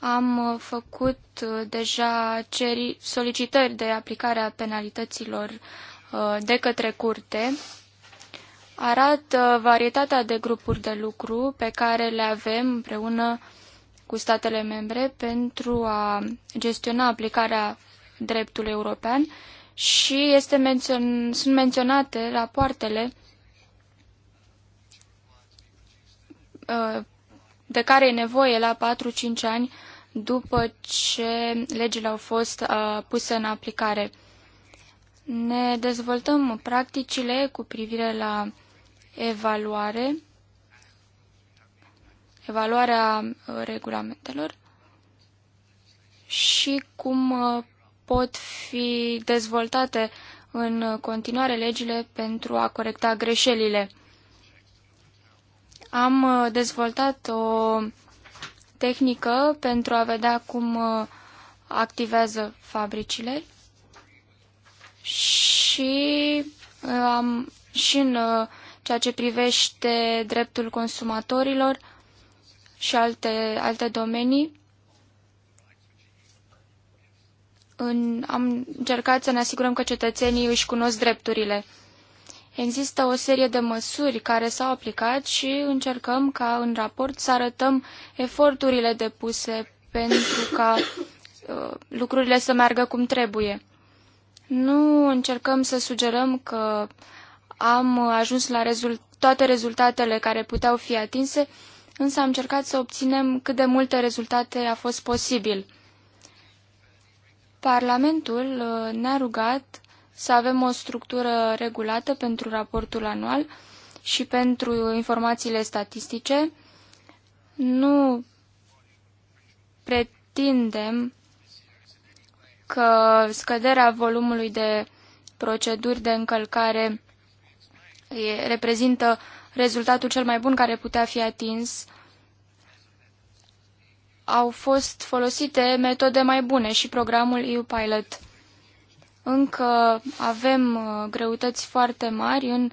Speaker 1: Am uh, făcut uh, deja ceri, solicitări de aplicare a penalităților de către curte. Arată varietatea de grupuri de lucru pe care le avem împreună cu statele membre pentru a gestiona aplicarea dreptului european și este mențion, sunt menționate rapoartele uh, de care e nevoie la 4-5 ani după ce legile au fost uh, puse în aplicare. Ne dezvoltăm practicile cu privire la evaluare evaluarea uh, regulamentelor și cum uh, pot fi dezvoltate în continuare legile pentru a corecta greșelile. Am uh, dezvoltat o tehnică pentru a vedea cum activează fabricile și, am și în ceea ce privește dreptul consumatorilor și alte, alte domenii. În, am încercat să ne asigurăm că cetățenii își cunosc drepturile. Există o serie de măsuri care s-au aplicat și încercăm ca în raport să arătăm eforturile depuse pentru ca uh, lucrurile să meargă cum trebuie. Nu încercăm să sugerăm că am ajuns la rezult toate rezultatele care puteau fi atinse, însă am încercat să obținem cât de multe rezultate a fost posibil. Parlamentul uh, ne-a rugat să avem o structură regulată pentru raportul anual și pentru informațiile statistice. Nu pretindem că scăderea volumului de proceduri de încălcare reprezintă rezultatul cel mai bun care putea fi atins, au fost folosite metode mai bune și programul EU Pilot. Încă avem uh, greutăți foarte mari în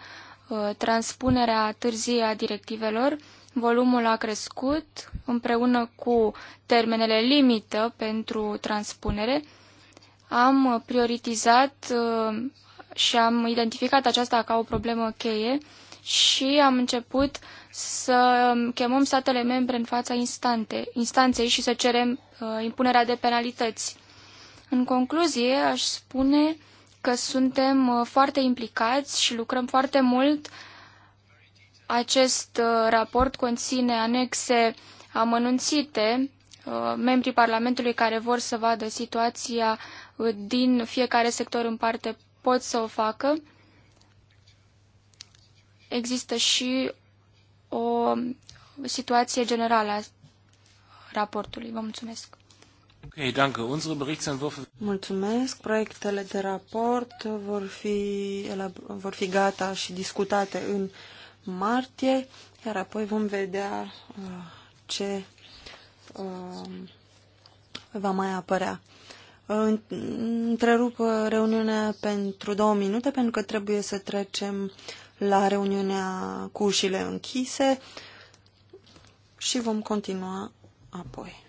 Speaker 1: uh, transpunerea târzie a directivelor. Volumul a crescut împreună cu termenele limită pentru transpunere. Am prioritizat uh, și am identificat aceasta ca o problemă cheie și am început să chemăm statele membre în fața instante, instanței și să cerem uh, impunerea de penalități. În concluzie, aș spune că suntem uh, foarte implicați și lucrăm foarte mult. Acest uh, raport conține anexe amănunțite. Uh, membrii Parlamentului care vor să vadă situația din fiecare sector în parte pot să o facă există și o situație generală a raportului. Vă mulțumesc. Okay, danke. Unsere Berichtsentwürfe... Mulțumesc. Proiectele de raport
Speaker 2: vor fi, vor fi gata și discutate în martie, iar apoi vom vedea uh, ce um, va mai apărea. întrerup reuniunea pentru două minute pentru că trebuie să trecem uh, la reuniunea cu ușile închise și vom continua apoi.